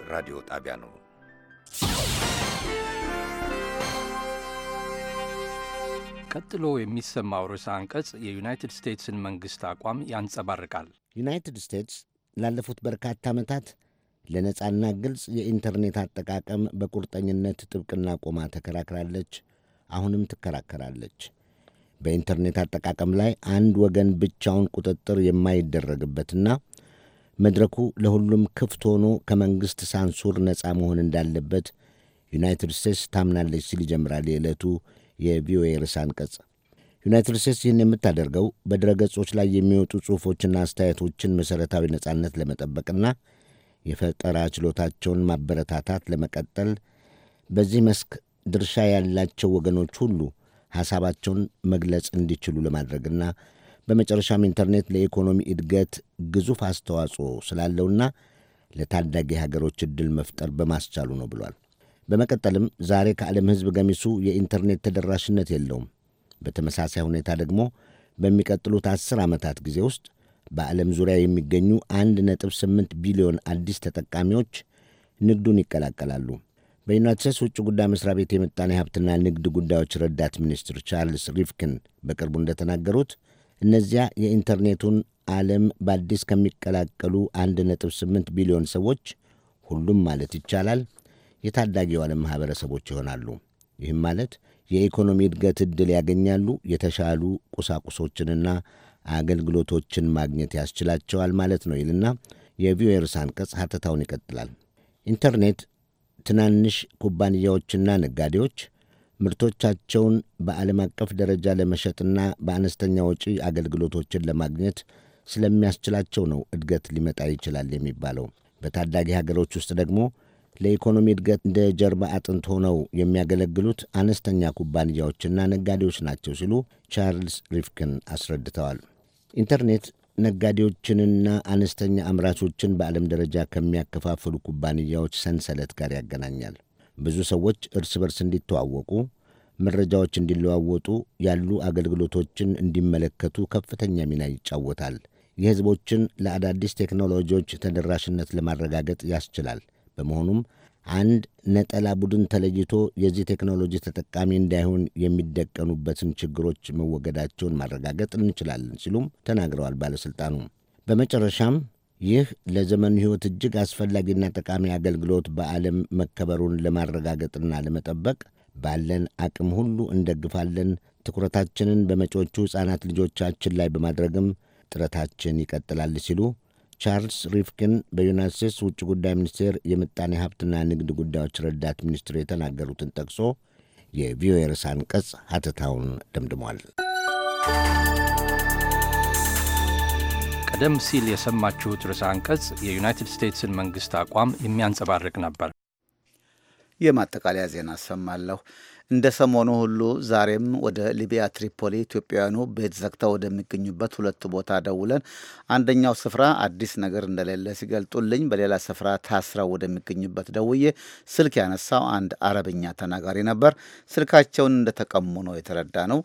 ራዲዮ ጣቢያ ነው። ቀጥሎ የሚሰማው ርዕሰ አንቀጽ የዩናይትድ ስቴትስን መንግሥት አቋም ያንጸባርቃል። ዩናይትድ ስቴትስ ላለፉት በርካታ ዓመታት ለነፃና ግልጽ የኢንተርኔት አጠቃቀም በቁርጠኝነት ጥብቅና ቆማ ተከራክራለች፣ አሁንም ትከራከራለች። በኢንተርኔት አጠቃቀም ላይ አንድ ወገን ብቻውን ቁጥጥር የማይደረግበትና መድረኩ ለሁሉም ክፍት ሆኖ ከመንግሥት ሳንሱር ነፃ መሆን እንዳለበት ዩናይትድ ስቴትስ ታምናለች ሲል ይጀምራል የዕለቱ የቪኦኤ ርዕሰ አንቀጽ። ዩናይትድ ስቴትስ ይህን የምታደርገው በድረ ገጾች ላይ የሚወጡ ጽሑፎችና አስተያየቶችን መሠረታዊ ነፃነት ለመጠበቅና የፈጠራ ችሎታቸውን ማበረታታት ለመቀጠል በዚህ መስክ ድርሻ ያላቸው ወገኖች ሁሉ ሐሳባቸውን መግለጽ እንዲችሉ ለማድረግና በመጨረሻም ኢንተርኔት ለኢኮኖሚ እድገት ግዙፍ አስተዋጽኦ ስላለውና ለታዳጊ ሀገሮች ዕድል መፍጠር በማስቻሉ ነው ብሏል። በመቀጠልም ዛሬ ከዓለም ሕዝብ ገሚሱ የኢንተርኔት ተደራሽነት የለውም። በተመሳሳይ ሁኔታ ደግሞ በሚቀጥሉት አስር ዓመታት ጊዜ ውስጥ በዓለም ዙሪያ የሚገኙ 1.8 ቢሊዮን አዲስ ተጠቃሚዎች ንግዱን ይቀላቀላሉ። በዩናይት ስቴትስ ውጭ ጉዳይ መስሪያ ቤት የምጣኔ ሀብትና ንግድ ጉዳዮች ረዳት ሚኒስትር ቻርልስ ሪፍክን በቅርቡ እንደተናገሩት እነዚያ የኢንተርኔቱን ዓለም በአዲስ ከሚቀላቀሉ 1.8 ቢሊዮን ሰዎች ሁሉም ማለት ይቻላል የታዳጊው ዓለም ማኅበረሰቦች ይሆናሉ። ይህም ማለት የኢኮኖሚ እድገት ዕድል ያገኛሉ፣ የተሻሉ ቁሳቁሶችንና አገልግሎቶችን ማግኘት ያስችላቸዋል ማለት ነው ይልና የቪኦኤ አንቀጽ ሐተታውን ይቀጥላል። ኢንተርኔት ትናንሽ ኩባንያዎችና ነጋዴዎች ምርቶቻቸውን በዓለም አቀፍ ደረጃ ለመሸጥና በአነስተኛ ወጪ አገልግሎቶችን ለማግኘት ስለሚያስችላቸው ነው እድገት ሊመጣ ይችላል የሚባለው። በታዳጊ ሀገሮች ውስጥ ደግሞ ለኢኮኖሚ እድገት እንደ ጀርባ አጥንት ሆነው የሚያገለግሉት አነስተኛ ኩባንያዎችና ነጋዴዎች ናቸው ሲሉ ቻርልስ ሪፍክን አስረድተዋል። ኢንተርኔት ነጋዴዎችንና አነስተኛ አምራቾችን በዓለም ደረጃ ከሚያከፋፍሉ ኩባንያዎች ሰንሰለት ጋር ያገናኛል። ብዙ ሰዎች እርስ በርስ እንዲተዋወቁ፣ መረጃዎች እንዲለዋወጡ፣ ያሉ አገልግሎቶችን እንዲመለከቱ ከፍተኛ ሚና ይጫወታል። የሕዝቦችን ለአዳዲስ ቴክኖሎጂዎች ተደራሽነት ለማረጋገጥ ያስችላል። በመሆኑም አንድ ነጠላ ቡድን ተለይቶ የዚህ ቴክኖሎጂ ተጠቃሚ እንዳይሆን የሚደቀኑበትን ችግሮች መወገዳቸውን ማረጋገጥ እንችላለን ሲሉም ተናግረዋል ባለሥልጣኑ። በመጨረሻም ይህ ለዘመኑ ሕይወት እጅግ አስፈላጊና ጠቃሚ አገልግሎት በዓለም መከበሩን ለማረጋገጥና ለመጠበቅ ባለን አቅም ሁሉ እንደግፋለን። ትኩረታችንን በመጪዎቹ ሕፃናት ልጆቻችን ላይ በማድረግም ጥረታችን ይቀጥላል ሲሉ ቻርልስ ሪፍኪን በዩናይት ስቴትስ ውጭ ጉዳይ ሚኒስቴር የምጣኔ ሀብትና ንግድ ጉዳዮች ረዳት ሚኒስትር የተናገሩትን ጠቅሶ የቪኦኤ ርዕሰ አንቀጽ ሀተታውን ደምድሟል። ቀደም ሲል የሰማችሁት ርዕሰ አንቀጽ የዩናይትድ ስቴትስን መንግሥት አቋም የሚያንጸባርቅ ነበር። የማጠቃለያ ዜና አሰማለሁ። እንደ ሰሞኑ ሁሉ ዛሬም ወደ ሊቢያ ትሪፖሊ ኢትዮጵያውያኑ ቤት ዘግተው ወደሚገኙበት ሁለቱ ቦታ ደውለን አንደኛው ስፍራ አዲስ ነገር እንደሌለ ሲገልጡልኝ፣ በሌላ ስፍራ ታስረው ወደሚገኙበት ደውዬ ስልክ ያነሳው አንድ አረብኛ ተናጋሪ ነበር። ስልካቸውን እንደተቀሙ ነው የተረዳ ነው።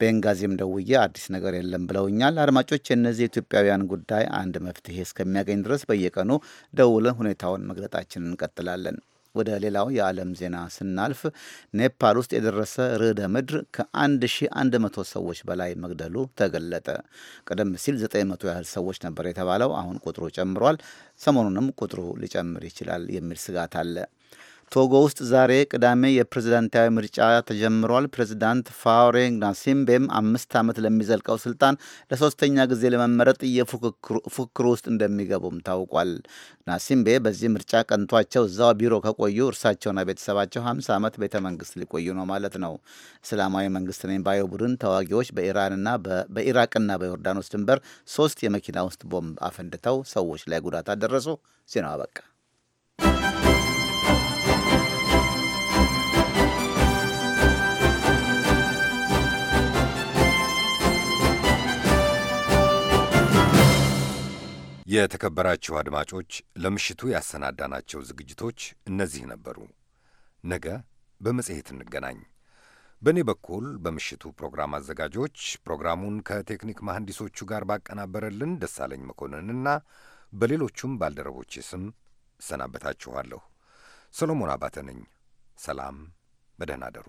ቤንጋዚም ደውዬ አዲስ ነገር የለም ብለውኛል። አድማጮች፣ የእነዚህ ኢትዮጵያውያን ጉዳይ አንድ መፍትሄ እስከሚያገኝ ድረስ በየቀኑ ደውለን ሁኔታውን መግለጣችንን እንቀጥላለን። ወደ ሌላው የዓለም ዜና ስናልፍ ኔፓል ውስጥ የደረሰ ርዕደ ምድር ከ1100 ሰዎች በላይ መግደሉ ተገለጠ። ቀደም ሲል 900 ያህል ሰዎች ነበር የተባለው፣ አሁን ቁጥሩ ጨምሯል። ሰሞኑንም ቁጥሩ ሊጨምር ይችላል የሚል ስጋት አለ። ቶጎ ውስጥ ዛሬ ቅዳሜ የፕሬዝዳንታዊ ምርጫ ተጀምሯል። ፕሬዝዳንት ፋውሬ ናሲምቤም አምስት ዓመት ለሚዘልቀው ስልጣን ለሶስተኛ ጊዜ ለመመረጥ የፉክክሩ ውስጥ እንደሚገቡም ታውቋል። ናሲምቤ በዚህ ምርጫ ቀንቷቸው እዛው ቢሮ ከቆዩ እርሳቸውና ቤተሰባቸው 50 ዓመት ቤተ መንግስት ሊቆዩ ነው ማለት ነው። እስላማዊ መንግስት ነኝ ባዩ ቡድን ተዋጊዎች በኢራንና በኢራቅና በዮርዳኖስ ድንበር ሶስት የመኪና ውስጥ ቦምብ አፈንድተው ሰዎች ላይ ጉዳት አደረሱ። ዜናው አበቃ። የተከበራችሁ አድማጮች ለምሽቱ ያሰናዳናቸው ዝግጅቶች እነዚህ ነበሩ። ነገ በመጽሔት እንገናኝ። በእኔ በኩል በምሽቱ ፕሮግራም አዘጋጆች ፕሮግራሙን ከቴክኒክ መሐንዲሶቹ ጋር ባቀናበረልን ደሳለኝ መኮንንና በሌሎቹም ባልደረቦቼ ስም እሰናበታችኋለሁ። ሰሎሞን አባተ ነኝ። ሰላም፣ በደህና አደሩ።